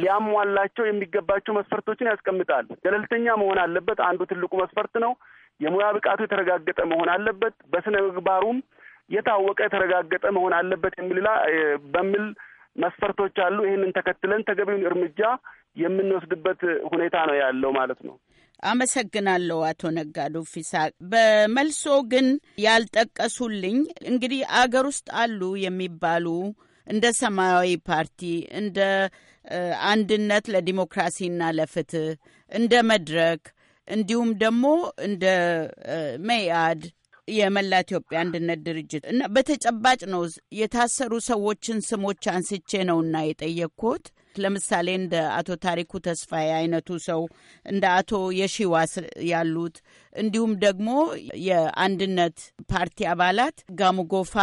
ሊያሟላቸው የሚገባቸው መስፈርቶችን ያስቀምጣል። ገለልተኛ መሆን አለበት። አንዱ ትልቁ መስፈርት ነው። የሙያ ብቃቱ የተረጋገጠ መሆን አለበት፣ በስነ ምግባሩም የታወቀ የተረጋገጠ መሆን አለበት የሚልላ በሚል መስፈርቶች አሉ። ይህንን ተከትለን ተገቢውን እርምጃ የምንወስድበት ሁኔታ ነው ያለው ማለት ነው።
አመሰግናለሁ አቶ ነጋዶ ፊሳ። በመልሶ ግን ያልጠቀሱልኝ እንግዲህ አገር ውስጥ አሉ የሚባሉ እንደ ሰማያዊ ፓርቲ፣ እንደ አንድነት ለዲሞክራሲና ለፍትህ፣ እንደ መድረክ እንዲሁም ደግሞ እንደ መኢአድ የመላ ኢትዮጵያ አንድነት ድርጅት እና በተጨባጭ ነው የታሰሩ ሰዎችን ስሞች አንስቼ ነውና የጠየቅኩት። ለምሳሌ እንደ አቶ ታሪኩ ተስፋዬ አይነቱ ሰው እንደ አቶ የሺዋስ ያሉት እንዲሁም ደግሞ የአንድነት ፓርቲ አባላት ጋሙጎፋ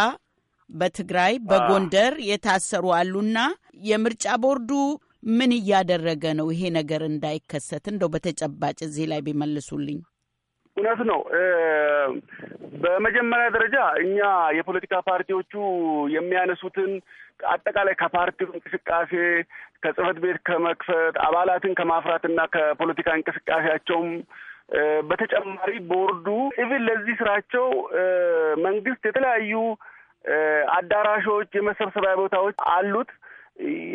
በትግራይ በጎንደር የታሰሩ አሉና የምርጫ ቦርዱ ምን እያደረገ ነው ይሄ ነገር እንዳይከሰት? እንደው በተጨባጭ እዚህ ላይ ቢመልሱልኝ።
እውነት ነው። በመጀመሪያ ደረጃ እኛ የፖለቲካ ፓርቲዎቹ የሚያነሱትን አጠቃላይ ከፓርቲው እንቅስቃሴ ከጽህፈት ቤት ከመክፈት አባላትን ከማፍራትና ከፖለቲካ እንቅስቃሴያቸውም በተጨማሪ ቦርዱ ኢቭን ለዚህ ስራቸው መንግስት የተለያዩ አዳራሾች፣ የመሰብሰቢያ ቦታዎች አሉት።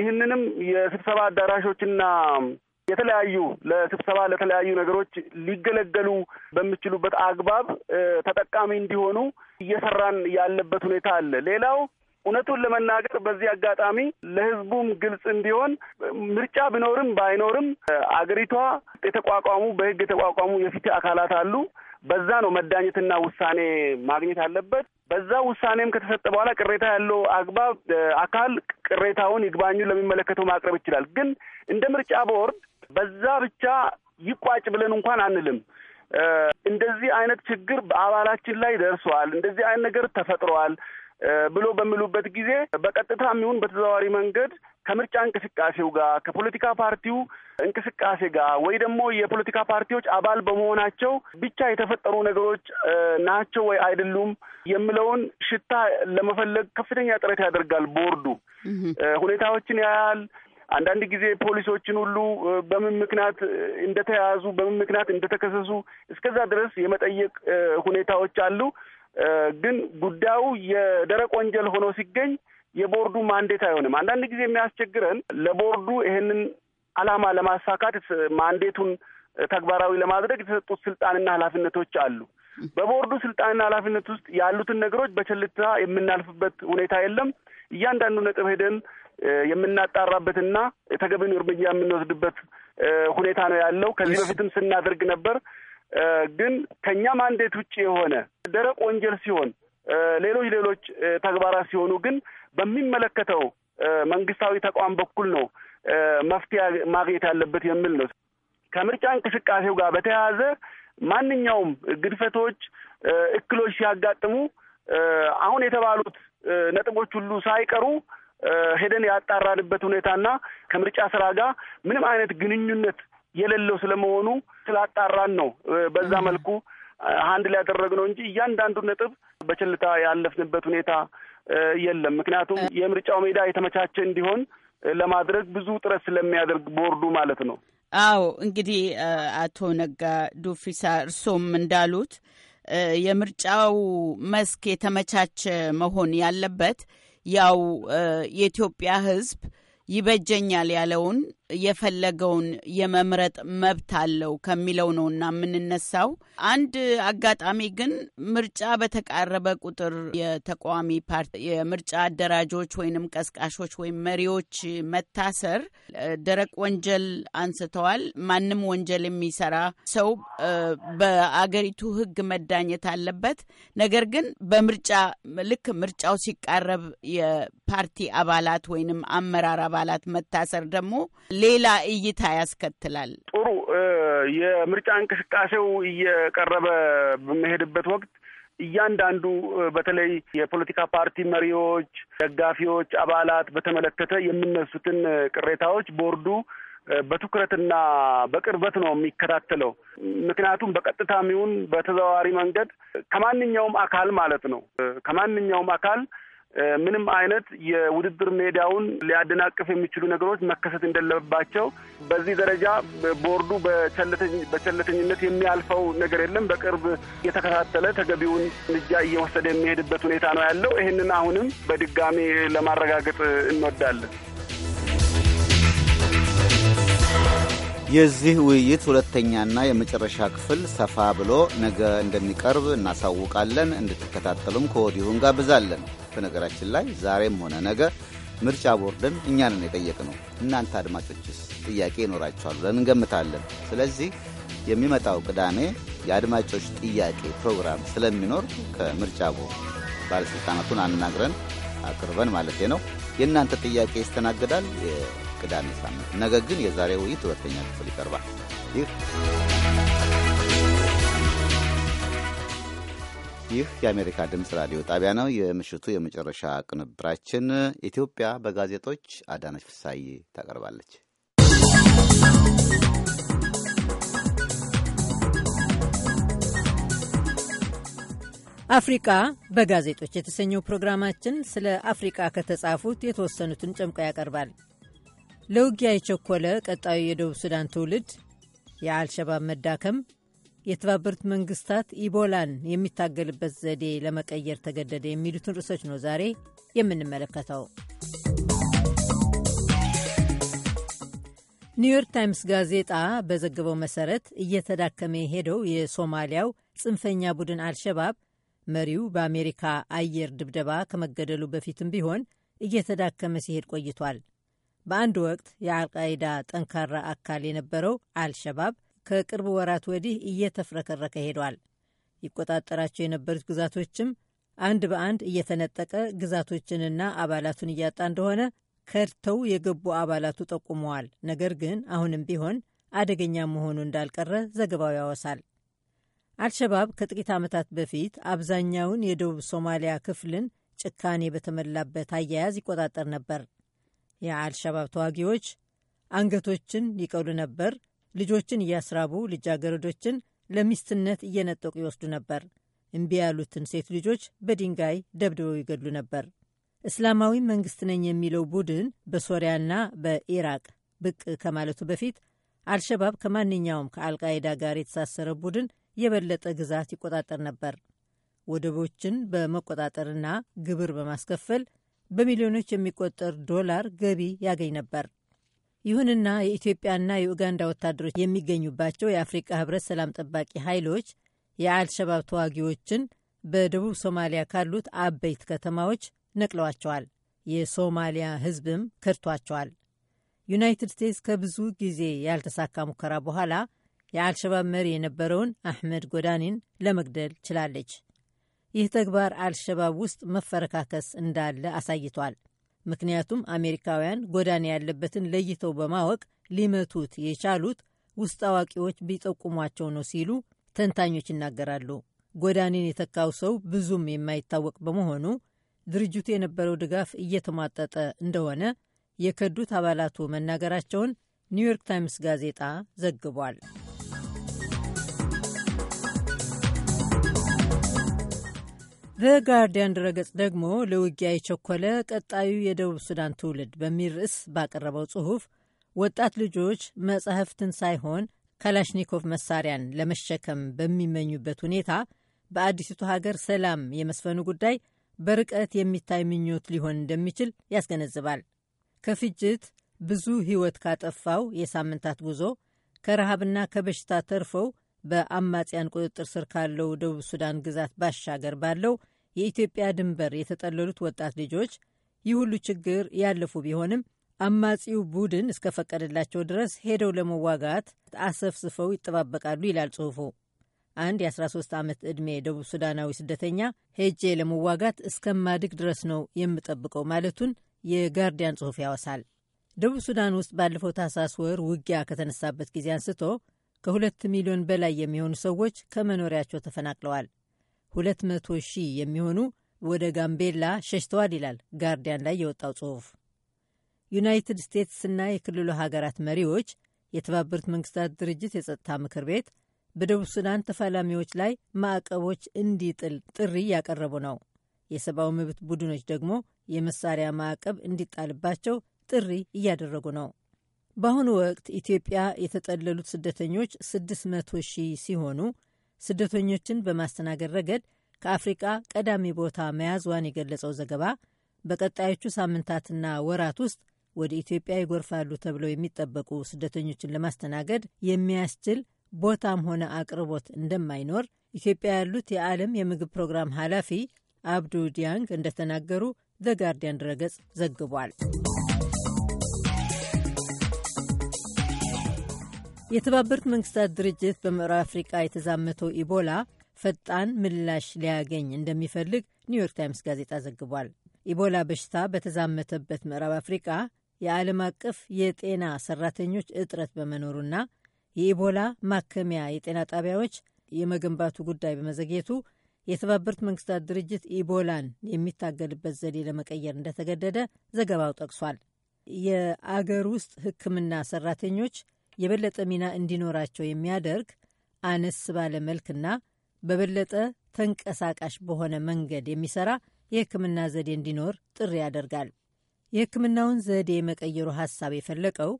ይህንንም የስብሰባ አዳራሾችና የተለያዩ ለስብሰባ ለተለያዩ ነገሮች ሊገለገሉ በሚችሉበት አግባብ ተጠቃሚ እንዲሆኑ እየሰራን ያለበት ሁኔታ አለ። ሌላው እውነቱን ለመናገር በዚህ አጋጣሚ ለሕዝቡም ግልጽ እንዲሆን ምርጫ ቢኖርም ባይኖርም አገሪቷ የተቋቋሙ በሕግ የተቋቋሙ የፍትህ አካላት አሉ። በዛ ነው መዳኘትና ውሳኔ ማግኘት አለበት። በዛ ውሳኔም ከተሰጠ በኋላ ቅሬታ ያለው አግባብ አካል ቅሬታውን ይግባኙን ለሚመለከተው ማቅረብ ይችላል። ግን እንደ ምርጫ ቦርድ በዛ ብቻ ይቋጭ ብለን እንኳን አንልም። እንደዚህ አይነት ችግር በአባላችን ላይ ደርሷል፣ እንደዚህ አይነት ነገር ተፈጥሯል ብሎ በሚሉበት ጊዜ በቀጥታ የሚሆን በተዘዋዋሪ መንገድ ከምርጫ እንቅስቃሴው ጋር ከፖለቲካ ፓርቲው እንቅስቃሴ ጋር ወይ ደግሞ የፖለቲካ ፓርቲዎች አባል በመሆናቸው ብቻ የተፈጠሩ ነገሮች ናቸው ወይ አይደሉም የሚለውን ሽታ ለመፈለግ ከፍተኛ ጥረት ያደርጋል። ቦርዱ ሁኔታዎችን ያያል። አንዳንድ ጊዜ ፖሊሶችን ሁሉ በምን ምክንያት እንደተያዙ በምን ምክንያት እንደተከሰሱ እስከዛ ድረስ የመጠየቅ ሁኔታዎች አሉ። ግን ጉዳዩ የደረቅ ወንጀል ሆኖ ሲገኝ የቦርዱ ማንዴት አይሆንም። አንዳንድ ጊዜ የሚያስቸግረን ለቦርዱ ይሄንን ዓላማ ለማሳካት ማንዴቱን ተግባራዊ ለማድረግ የተሰጡት ስልጣንና ኃላፊነቶች አሉ። በቦርዱ ስልጣንና ኃላፊነት ውስጥ ያሉትን ነገሮች በቸልታ የምናልፍበት ሁኔታ የለም። እያንዳንዱ ነጥብ ሄደን የምናጣራበትና ተገቢውን እርምጃ የምንወስድበት ሁኔታ ነው ያለው። ከዚህ በፊትም ስናደርግ ነበር። ግን ከእኛ ማንዴት ውጭ የሆነ ደረቅ ወንጀል ሲሆን፣ ሌሎች ሌሎች ተግባራት ሲሆኑ ግን በሚመለከተው መንግስታዊ ተቋም በኩል ነው መፍትሄ ማግኘት ያለበት የሚል ነው። ከምርጫ እንቅስቃሴው ጋር በተያያዘ ማንኛውም ግድፈቶች፣ እክሎች ሲያጋጥሙ አሁን የተባሉት ነጥቦች ሁሉ ሳይቀሩ ሄደን ያጣራንበት ሁኔታና ከምርጫ ስራ ጋር ምንም አይነት ግንኙነት የሌለው ስለመሆኑ ስላጣራን ነው በዛ መልኩ አንድ ላይ ያደረግነው እንጂ እያንዳንዱ ነጥብ በችልታ ያለፍንበት ሁኔታ የለም። ምክንያቱም የምርጫው ሜዳ የተመቻቸ እንዲሆን ለማድረግ ብዙ ጥረት ስለሚያደርግ ቦርዱ ማለት ነው።
አዎ እንግዲህ አቶ ነጋ ዱፊሳ እርሶም እንዳሉት የምርጫው መስክ የተመቻቸ መሆን ያለበት ያው የኢትዮጵያ ሕዝብ ይበጀኛል ያለውን የፈለገውን የመምረጥ መብት አለው ከሚለው ነውና የምንነሳው። አንድ አጋጣሚ ግን ምርጫ በተቃረበ ቁጥር የተቃዋሚ ፓርቲ የምርጫ አደራጆች ወይንም ቀስቃሾች ወይም መሪዎች መታሰር ደረቅ ወንጀል አንስተዋል። ማንም ወንጀል የሚሰራ ሰው በአገሪቱ ሕግ መዳኘት አለበት። ነገር ግን በምርጫ ልክ ምርጫው ሲቃረብ የፓርቲ አባላት ወይንም አመራር አባላት አባላት መታሰር ደግሞ ሌላ እይታ ያስከትላል። ጥሩ
የምርጫ እንቅስቃሴው እየቀረበ በመሄድበት ወቅት እያንዳንዱ በተለይ የፖለቲካ ፓርቲ መሪዎች፣ ደጋፊዎች፣ አባላት በተመለከተ የሚነሱትን ቅሬታዎች ቦርዱ በትኩረትና በቅርበት ነው የሚከታተለው። ምክንያቱም በቀጥታ ይሁን በተዘዋዋሪ መንገድ ከማንኛውም አካል ማለት ነው ከማንኛውም አካል ምንም አይነት የውድድር ሜዳውን ሊያደናቅፍ የሚችሉ ነገሮች መከሰት እንደለባቸው በዚህ ደረጃ ቦርዱ በቸለተኝነት የሚያልፈው ነገር የለም። በቅርብ እየተከታተለ ተገቢውን እርምጃ እየወሰደ የሚሄድበት ሁኔታ ነው ያለው። ይህንን አሁንም በድጋሚ ለማረጋገጥ እንወዳለን።
የዚህ ውይይት ሁለተኛና የመጨረሻ ክፍል ሰፋ ብሎ ነገ እንደሚቀርብ እናሳውቃለን። እንድትከታተሉም ከወዲሁ እንጋብዛለን። በነገራችን ላይ ዛሬም ሆነ ነገ ምርጫ ቦርድን እኛንን የጠየቅነው እናንተ አድማጮችስ ጥያቄ ይኖራቸዋል ብለን እንገምታለን። ስለዚህ የሚመጣው ቅዳሜ የአድማጮች ጥያቄ ፕሮግራም ስለሚኖር ከምርጫ ቦርድ ባለሥልጣናቱን አናግረን አቅርበን ማለት ነው የእናንተ ጥያቄ ይስተናግዳል። ቅዳሜ ሳምንት። ነገ ግን የዛሬ ውይይት ሁለተኛ ክፍል ይቀርባል። ይህ ይህ የአሜሪካ ድምፅ ራዲዮ ጣቢያ ነው። የምሽቱ የመጨረሻ ቅንብራችን ኢትዮጵያ በጋዜጦች አዳነች ፍሳዬ ታቀርባለች።
አፍሪቃ በጋዜጦች የተሰኘው ፕሮግራማችን ስለ አፍሪቃ ከተጻፉት የተወሰኑትን ጨምቆ ያቀርባል። ለውጊያ የቸኮለ ቀጣዩ የደቡብ ሱዳን ትውልድ፣ የአልሸባብ መዳከም፣ የተባበሩት መንግስታት ኢቦላን የሚታገልበት ዘዴ ለመቀየር ተገደደ የሚሉትን ርዕሶች ነው ዛሬ የምንመለከተው። ኒውዮርክ ታይምስ ጋዜጣ በዘገበው መሰረት እየተዳከመ የሄደው የሶማሊያው ጽንፈኛ ቡድን አልሸባብ መሪው በአሜሪካ አየር ድብደባ ከመገደሉ በፊትም ቢሆን እየተዳከመ ሲሄድ ቆይቷል። በአንድ ወቅት የአልቃይዳ ጠንካራ አካል የነበረው አልሸባብ ከቅርብ ወራት ወዲህ እየተፍረከረከ ሄዷል። ይቆጣጠራቸው የነበሩት ግዛቶችም አንድ በአንድ እየተነጠቀ ግዛቶችንና አባላቱን እያጣ እንደሆነ ከድተው የገቡ አባላቱ ጠቁመዋል። ነገር ግን አሁንም ቢሆን አደገኛ መሆኑ እንዳልቀረ ዘገባው ያወሳል። አልሸባብ ከጥቂት ዓመታት በፊት አብዛኛውን የደቡብ ሶማሊያ ክፍልን ጭካኔ በተሞላበት አያያዝ ይቆጣጠር ነበር። የአልሸባብ ተዋጊዎች አንገቶችን ይቀሉ ነበር፣ ልጆችን እያስራቡ ልጃገረዶችን ለሚስትነት እየነጠቁ ይወስዱ ነበር፣ እምቢ ያሉትን ሴት ልጆች በድንጋይ ደብድበው ይገድሉ ነበር። እስላማዊ መንግስት ነኝ የሚለው ቡድን በሶሪያና በኢራቅ ብቅ ከማለቱ በፊት አልሸባብ ከማንኛውም ከአልቃይዳ ጋር የተሳሰረ ቡድን የበለጠ ግዛት ይቆጣጠር ነበር። ወደቦችን በመቆጣጠርና ግብር በማስከፈል በሚሊዮኖች የሚቆጠር ዶላር ገቢ ያገኝ ነበር። ይሁንና የኢትዮጵያና የኡጋንዳ ወታደሮች የሚገኙባቸው የአፍሪቃ ህብረት ሰላም ጠባቂ ኃይሎች የአልሸባብ ተዋጊዎችን በደቡብ ሶማሊያ ካሉት አበይት ከተማዎች ነቅለዋቸዋል። የሶማሊያ ህዝብም ከድቷቸዋል። ዩናይትድ ስቴትስ ከብዙ ጊዜ ያልተሳካ ሙከራ በኋላ የአልሸባብ መሪ የነበረውን አሕመድ ጎዳኒን ለመግደል ችላለች። ይህ ተግባር አልሸባብ ውስጥ መፈረካከስ እንዳለ አሳይቷል። ምክንያቱም አሜሪካውያን ጎዳና ያለበትን ለይተው በማወቅ ሊመቱት የቻሉት ውስጥ አዋቂዎች ቢጠቁሟቸው ነው ሲሉ ተንታኞች ይናገራሉ። ጎዳኔን የተካው ሰው ብዙም የማይታወቅ በመሆኑ ድርጅቱ የነበረው ድጋፍ እየተሟጠጠ እንደሆነ የከዱት አባላቱ መናገራቸውን ኒውዮርክ ታይምስ ጋዜጣ ዘግቧል። በጋርዲያን ድረገጽ ደግሞ ለውጊያ የቸኮለ ቀጣዩ የደቡብ ሱዳን ትውልድ በሚል ርዕስ ባቀረበው ጽሑፍ ወጣት ልጆች መጻሕፍትን ሳይሆን ካላሽኒኮቭ መሳሪያን ለመሸከም በሚመኙበት ሁኔታ በአዲሲቱ ሀገር ሰላም የመስፈኑ ጉዳይ በርቀት የሚታይ ምኞት ሊሆን እንደሚችል ያስገነዝባል። ከፍጅት ብዙ ሕይወት ካጠፋው የሳምንታት ጉዞ ከረሃብና ከበሽታ ተርፈው በአማጽያን ቁጥጥር ስር ካለው ደቡብ ሱዳን ግዛት ባሻገር ባለው የኢትዮጵያ ድንበር የተጠለሉት ወጣት ልጆች ይህ ሁሉ ችግር ያለፉ ቢሆንም አማጺው ቡድን እስከፈቀደላቸው ድረስ ሄደው ለመዋጋት አሰፍስፈው ይጠባበቃሉ ይላል ጽሑፉ። አንድ የ13 ዓመት ዕድሜ ደቡብ ሱዳናዊ ስደተኛ ሄጄ ለመዋጋት እስከማድግ ድረስ ነው የምጠብቀው ማለቱን የጋርዲያን ጽሑፍ ያወሳል። ደቡብ ሱዳን ውስጥ ባለፈው ታህሳስ ወር ውጊያ ከተነሳበት ጊዜ አንስቶ ከሁለት ሚሊዮን በላይ የሚሆኑ ሰዎች ከመኖሪያቸው ተፈናቅለዋል። ሁለት መቶ ሺህ የሚሆኑ ወደ ጋምቤላ ሸሽተዋል ይላል ጋርዲያን ላይ የወጣው ጽሑፍ። ዩናይትድ ስቴትስና የክልሉ ሀገራት መሪዎች የተባበሩት መንግስታት ድርጅት የጸጥታ ምክር ቤት በደቡብ ሱዳን ተፋላሚዎች ላይ ማዕቀቦች እንዲጥል ጥሪ እያቀረቡ ነው። የሰብአዊ መብት ቡድኖች ደግሞ የመሳሪያ ማዕቀብ እንዲጣልባቸው ጥሪ እያደረጉ ነው። በአሁኑ ወቅት ኢትዮጵያ የተጠለሉት ስደተኞች 600 ሺህ ሲሆኑ ስደተኞችን በማስተናገድ ረገድ ከአፍሪቃ ቀዳሚ ቦታ መያዝዋን የገለጸው ዘገባ በቀጣዮቹ ሳምንታትና ወራት ውስጥ ወደ ኢትዮጵያ ይጎርፋሉ ተብለው የሚጠበቁ ስደተኞችን ለማስተናገድ የሚያስችል ቦታም ሆነ አቅርቦት እንደማይኖር ኢትዮጵያ ያሉት የዓለም የምግብ ፕሮግራም ኃላፊ አብዱ ዲያንግ እንደተናገሩ ዘጋርዲያን ድረገጽ ዘግቧል። የተባበሩት መንግስታት ድርጅት በምዕራብ አፍሪቃ የተዛመተው ኢቦላ ፈጣን ምላሽ ሊያገኝ እንደሚፈልግ ኒውዮርክ ታይምስ ጋዜጣ ዘግቧል። ኢቦላ በሽታ በተዛመተበት ምዕራብ አፍሪቃ የዓለም አቀፍ የጤና ሰራተኞች እጥረት በመኖሩና የኢቦላ ማከሚያ የጤና ጣቢያዎች የመገንባቱ ጉዳይ በመዘግየቱ የተባበሩት መንግስታት ድርጅት ኢቦላን የሚታገልበት ዘዴ ለመቀየር እንደተገደደ ዘገባው ጠቅሷል። የአገር ውስጥ ሕክምና ሰራተኞች የበለጠ ሚና እንዲኖራቸው የሚያደርግ አነስ ባለ መልክና በበለጠ ተንቀሳቃሽ በሆነ መንገድ የሚሰራ የሕክምና ዘዴ እንዲኖር ጥሪ ያደርጋል። የሕክምናውን ዘዴ የመቀየሩ ሐሳብ የፈለቀው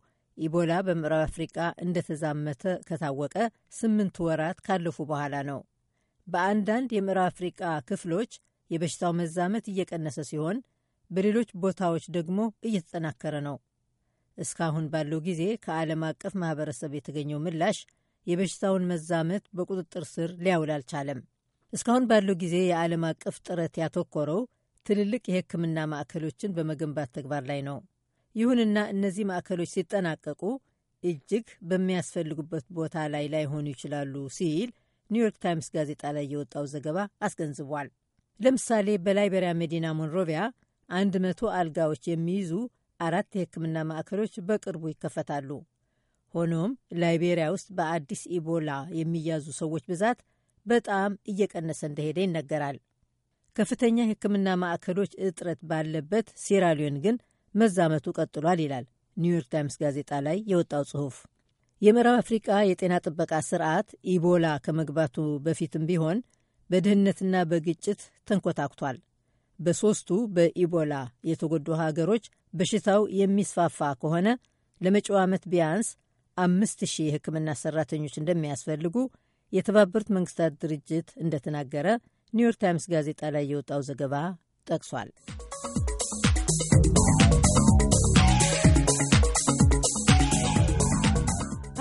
ኢቦላ በምዕራብ አፍሪቃ እንደተዛመተ ከታወቀ ስምንት ወራት ካለፉ በኋላ ነው። በአንዳንድ የምዕራብ አፍሪቃ ክፍሎች የበሽታው መዛመት እየቀነሰ ሲሆን፣ በሌሎች ቦታዎች ደግሞ እየተጠናከረ ነው። እስካሁን ባለው ጊዜ ከዓለም አቀፍ ማህበረሰብ የተገኘው ምላሽ የበሽታውን መዛመት በቁጥጥር ስር ሊያውል አልቻለም። እስካሁን ባለው ጊዜ የዓለም አቀፍ ጥረት ያተኮረው ትልልቅ የሕክምና ማዕከሎችን በመገንባት ተግባር ላይ ነው። ይሁንና እነዚህ ማዕከሎች ሲጠናቀቁ እጅግ በሚያስፈልጉበት ቦታ ላይ ላይሆኑ ይችላሉ ሲል ኒውዮርክ ታይምስ ጋዜጣ ላይ የወጣው ዘገባ አስገንዝቧል። ለምሳሌ በላይቤሪያ መዲና ሞንሮቪያ 100 አልጋዎች የሚይዙ አራት የሕክምና ማዕከሎች በቅርቡ ይከፈታሉ። ሆኖም ላይቤሪያ ውስጥ በአዲስ ኢቦላ የሚያዙ ሰዎች ብዛት በጣም እየቀነሰ እንደሄደ ይነገራል። ከፍተኛ የሕክምና ማዕከሎች እጥረት ባለበት ሴራሊዮን ግን መዛመቱ ቀጥሏል ይላል ኒውዮርክ ታይምስ ጋዜጣ ላይ የወጣው ጽሑፍ። የምዕራብ አፍሪቃ የጤና ጥበቃ ስርዓት ኢቦላ ከመግባቱ በፊትም ቢሆን በድህነትና በግጭት ተንኮታኩቷል። በሦስቱ በኢቦላ የተጎዱ ሀገሮች በሽታው የሚስፋፋ ከሆነ ለመጪው ዓመት ቢያንስ አምስት ሺህ የሕክምና ሰራተኞች እንደሚያስፈልጉ የተባበሩት መንግስታት ድርጅት እንደተናገረ ኒውዮርክ ታይምስ ጋዜጣ ላይ የወጣው ዘገባ ጠቅሷል።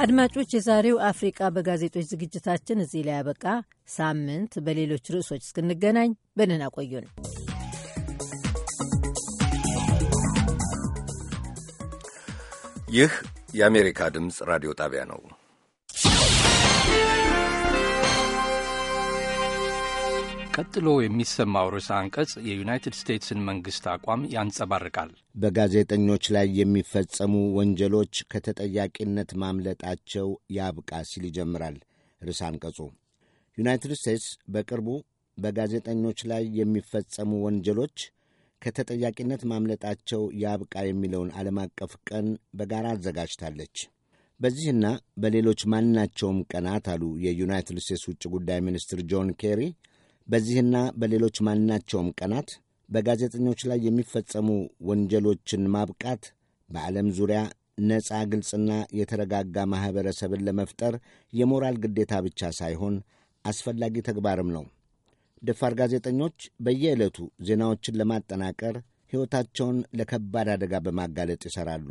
አድማጮች፣ የዛሬው አፍሪቃ በጋዜጦች ዝግጅታችን እዚህ ላይ ያበቃ። ሳምንት በሌሎች ርዕሶች እስክንገናኝ በደህና ቆዩን።
ይህ የአሜሪካ ድምፅ ራዲዮ ጣቢያ ነው። ቀጥሎ የሚሰማው ርዕሰ አንቀጽ የዩናይትድ ስቴትስን መንግሥት አቋም ያንጸባርቃል።
በጋዜጠኞች ላይ የሚፈጸሙ ወንጀሎች ከተጠያቂነት ማምለጣቸው ያብቃ ሲል ይጀምራል ርዕሰ አንቀጹ። ዩናይትድ ስቴትስ በቅርቡ በጋዜጠኞች ላይ የሚፈጸሙ ወንጀሎች ከተጠያቂነት ማምለጣቸው ያብቃ የሚለውን ዓለም አቀፍ ቀን በጋራ አዘጋጅታለች። በዚህና በሌሎች ማናቸውም ቀናት አሉ የዩናይትድ ስቴትስ ውጭ ጉዳይ ሚኒስትር ጆን ኬሪ፣ በዚህና በሌሎች ማናቸውም ቀናት በጋዜጠኞች ላይ የሚፈጸሙ ወንጀሎችን ማብቃት በዓለም ዙሪያ ነፃ ግልጽና የተረጋጋ ማኅበረሰብን ለመፍጠር የሞራል ግዴታ ብቻ ሳይሆን አስፈላጊ ተግባርም ነው። ደፋር ጋዜጠኞች በየዕለቱ ዜናዎችን ለማጠናቀር ሕይወታቸውን ለከባድ አደጋ በማጋለጥ ይሠራሉ።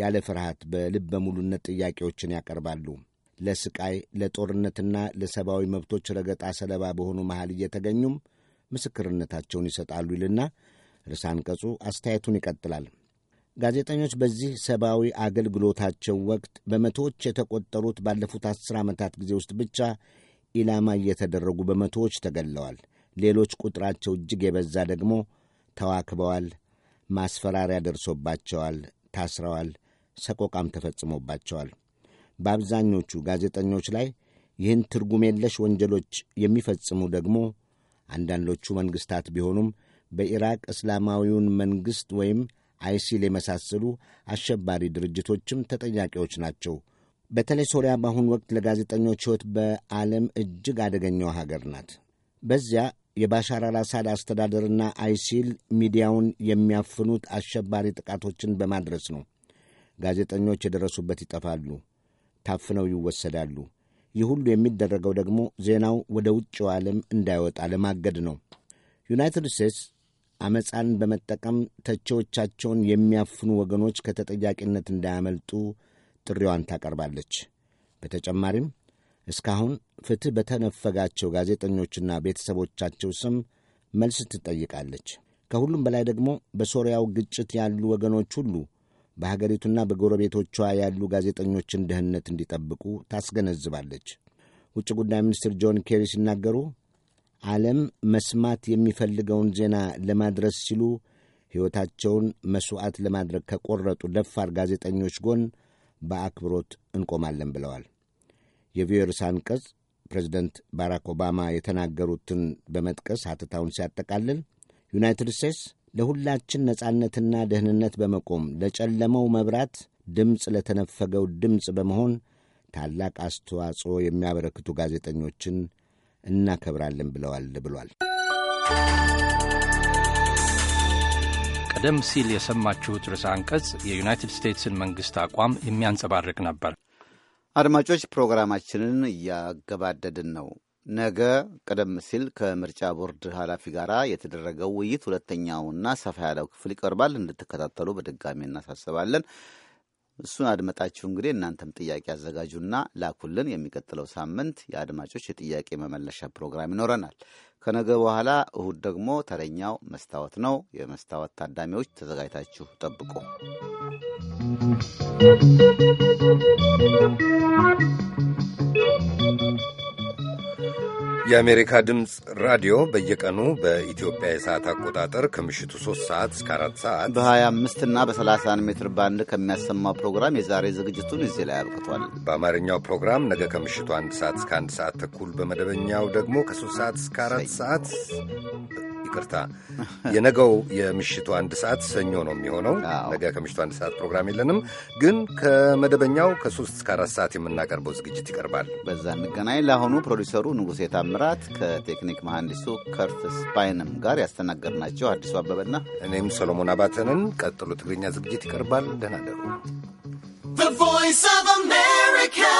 ያለ ፍርሃት በልበ ሙሉነት ጥያቄዎችን ያቀርባሉ። ለስቃይ ለጦርነትና ለሰብአዊ መብቶች ረገጣ ሰለባ በሆኑ መሃል እየተገኙም ምስክርነታቸውን ይሰጣሉ ይልና ርዕሰ አንቀጹ አስተያየቱን ይቀጥላል። ጋዜጠኞች በዚህ ሰብአዊ አገልግሎታቸው ወቅት በመቶዎች የተቆጠሩት ባለፉት አስር ዓመታት ጊዜ ውስጥ ብቻ ኢላማ እየተደረጉ በመቶዎች ተገለዋል። ሌሎች ቁጥራቸው እጅግ የበዛ ደግሞ ተዋክበዋል፣ ማስፈራሪያ ደርሶባቸዋል፣ ታስረዋል፣ ሰቆቃም ተፈጽሞባቸዋል። በአብዛኞቹ ጋዜጠኞች ላይ ይህን ትርጉም የለሽ ወንጀሎች የሚፈጽሙ ደግሞ አንዳንዶቹ መንግሥታት ቢሆኑም በኢራቅ እስላማዊውን መንግሥት ወይም አይሲል የመሳሰሉ አሸባሪ ድርጅቶችም ተጠያቂዎች ናቸው በተለይ ሶሪያ በአሁኑ ወቅት ለጋዜጠኞች ሕይወት በዓለም እጅግ አደገኛዋ ሀገር ናት። በዚያ የባሻር አልአሳድ አስተዳደርና አይሲል ሚዲያውን የሚያፍኑት አሸባሪ ጥቃቶችን በማድረስ ነው። ጋዜጠኞች የደረሱበት ይጠፋሉ፣ ታፍነው ይወሰዳሉ። ይህ ሁሉ የሚደረገው ደግሞ ዜናው ወደ ውጭው ዓለም እንዳይወጣ ለማገድ ነው። ዩናይትድ ስቴትስ አመፃን በመጠቀም ተቺዎቻቸውን የሚያፍኑ ወገኖች ከተጠያቂነት እንዳያመልጡ ጥሪዋን ታቀርባለች። በተጨማሪም እስካሁን ፍትሕ በተነፈጋቸው ጋዜጠኞችና ቤተሰቦቻቸው ስም መልስ ትጠይቃለች። ከሁሉም በላይ ደግሞ በሶርያው ግጭት ያሉ ወገኖች ሁሉ በሀገሪቱና በጎረቤቶቿ ያሉ ጋዜጠኞችን ደህንነት እንዲጠብቁ ታስገነዝባለች። ውጭ ጉዳይ ሚኒስትር ጆን ኬሪ ሲናገሩ ዓለም መስማት የሚፈልገውን ዜና ለማድረስ ሲሉ ሕይወታቸውን መሥዋዕት ለማድረግ ከቆረጡ ደፋር ጋዜጠኞች ጎን በአክብሮት እንቆማለን ብለዋል። የቪዮርስ አንቀጽ ፕሬዚደንት ባራክ ኦባማ የተናገሩትን በመጥቀስ ሀተታውን ሲያጠቃልል ዩናይትድ ስቴትስ ለሁላችን ነጻነትና ደህንነት በመቆም ለጨለመው መብራት ድምፅ ለተነፈገው ድምፅ በመሆን ታላቅ አስተዋጽኦ የሚያበረክቱ ጋዜጠኞችን እናከብራለን ብለዋል ብሏል።
ቀደም ሲል የሰማችሁት ርዕሰ አንቀጽ የዩናይትድ ስቴትስን መንግሥት አቋም የሚያንጸባርቅ ነበር።
አድማጮች፣
ፕሮግራማችንን እያገባደድን ነው። ነገ ቀደም ሲል ከምርጫ ቦርድ ኃላፊ ጋር የተደረገው ውይይት ሁለተኛውና ሰፋ ያለው ክፍል ይቀርባል። እንድትከታተሉ በድጋሚ እናሳስባለን። እሱን አድመጣችሁ እንግዲህ እናንተም ጥያቄ አዘጋጁና ላኩልን። የሚቀጥለው ሳምንት የአድማጮች የጥያቄ መመለሻ ፕሮግራም ይኖረናል። ከነገ በኋላ እሁድ ደግሞ ተረኛው መስታወት ነው። የመስታወት ታዳሚዎች ተዘጋጅታችሁ ጠብቁ።
Thank
you.
የአሜሪካ ድምፅ ራዲዮ በየቀኑ በኢትዮጵያ የሰዓት አቆጣጠር ከምሽቱ 3 ሰዓት እስከ 4 ሰዓት በ25 እና በ31 ሜትር ባንድ ከሚያሰማው ፕሮግራም የዛሬ ዝግጅቱን እዚህ ላይ አብቅቷል። በአማርኛው ፕሮግራም ነገ ከምሽቱ 1 ሰዓት እስከ 1 ሰዓት ተኩል በመደበኛው ደግሞ ከ3 ሰዓት እስከ 4 ሰዓት ይቅርታ፣ የነገው የምሽቱ አንድ ሰዓት ሰኞ ነው የሚሆነው። ነገ ከምሽቱ አንድ ሰዓት ፕሮግራም የለንም፣ ግን ከመደበኛው ከሶስት እስከ አራት ሰዓት የምናቀርበው ዝግጅት
ይቀርባል። በዛ እንገናኝ። ለአሁኑ ፕሮዲሰሩ ንጉሴ ታምራት ከቴክኒክ መሐንዲሱ ከርትስ
ባይንም ጋር ያስተናገድናቸው አዲሱ አበበና እኔም ሰሎሞን አባተንን። ቀጥሎ ትግርኛ ዝግጅት ይቀርባል። ደህና ደሩ።
The voice of America.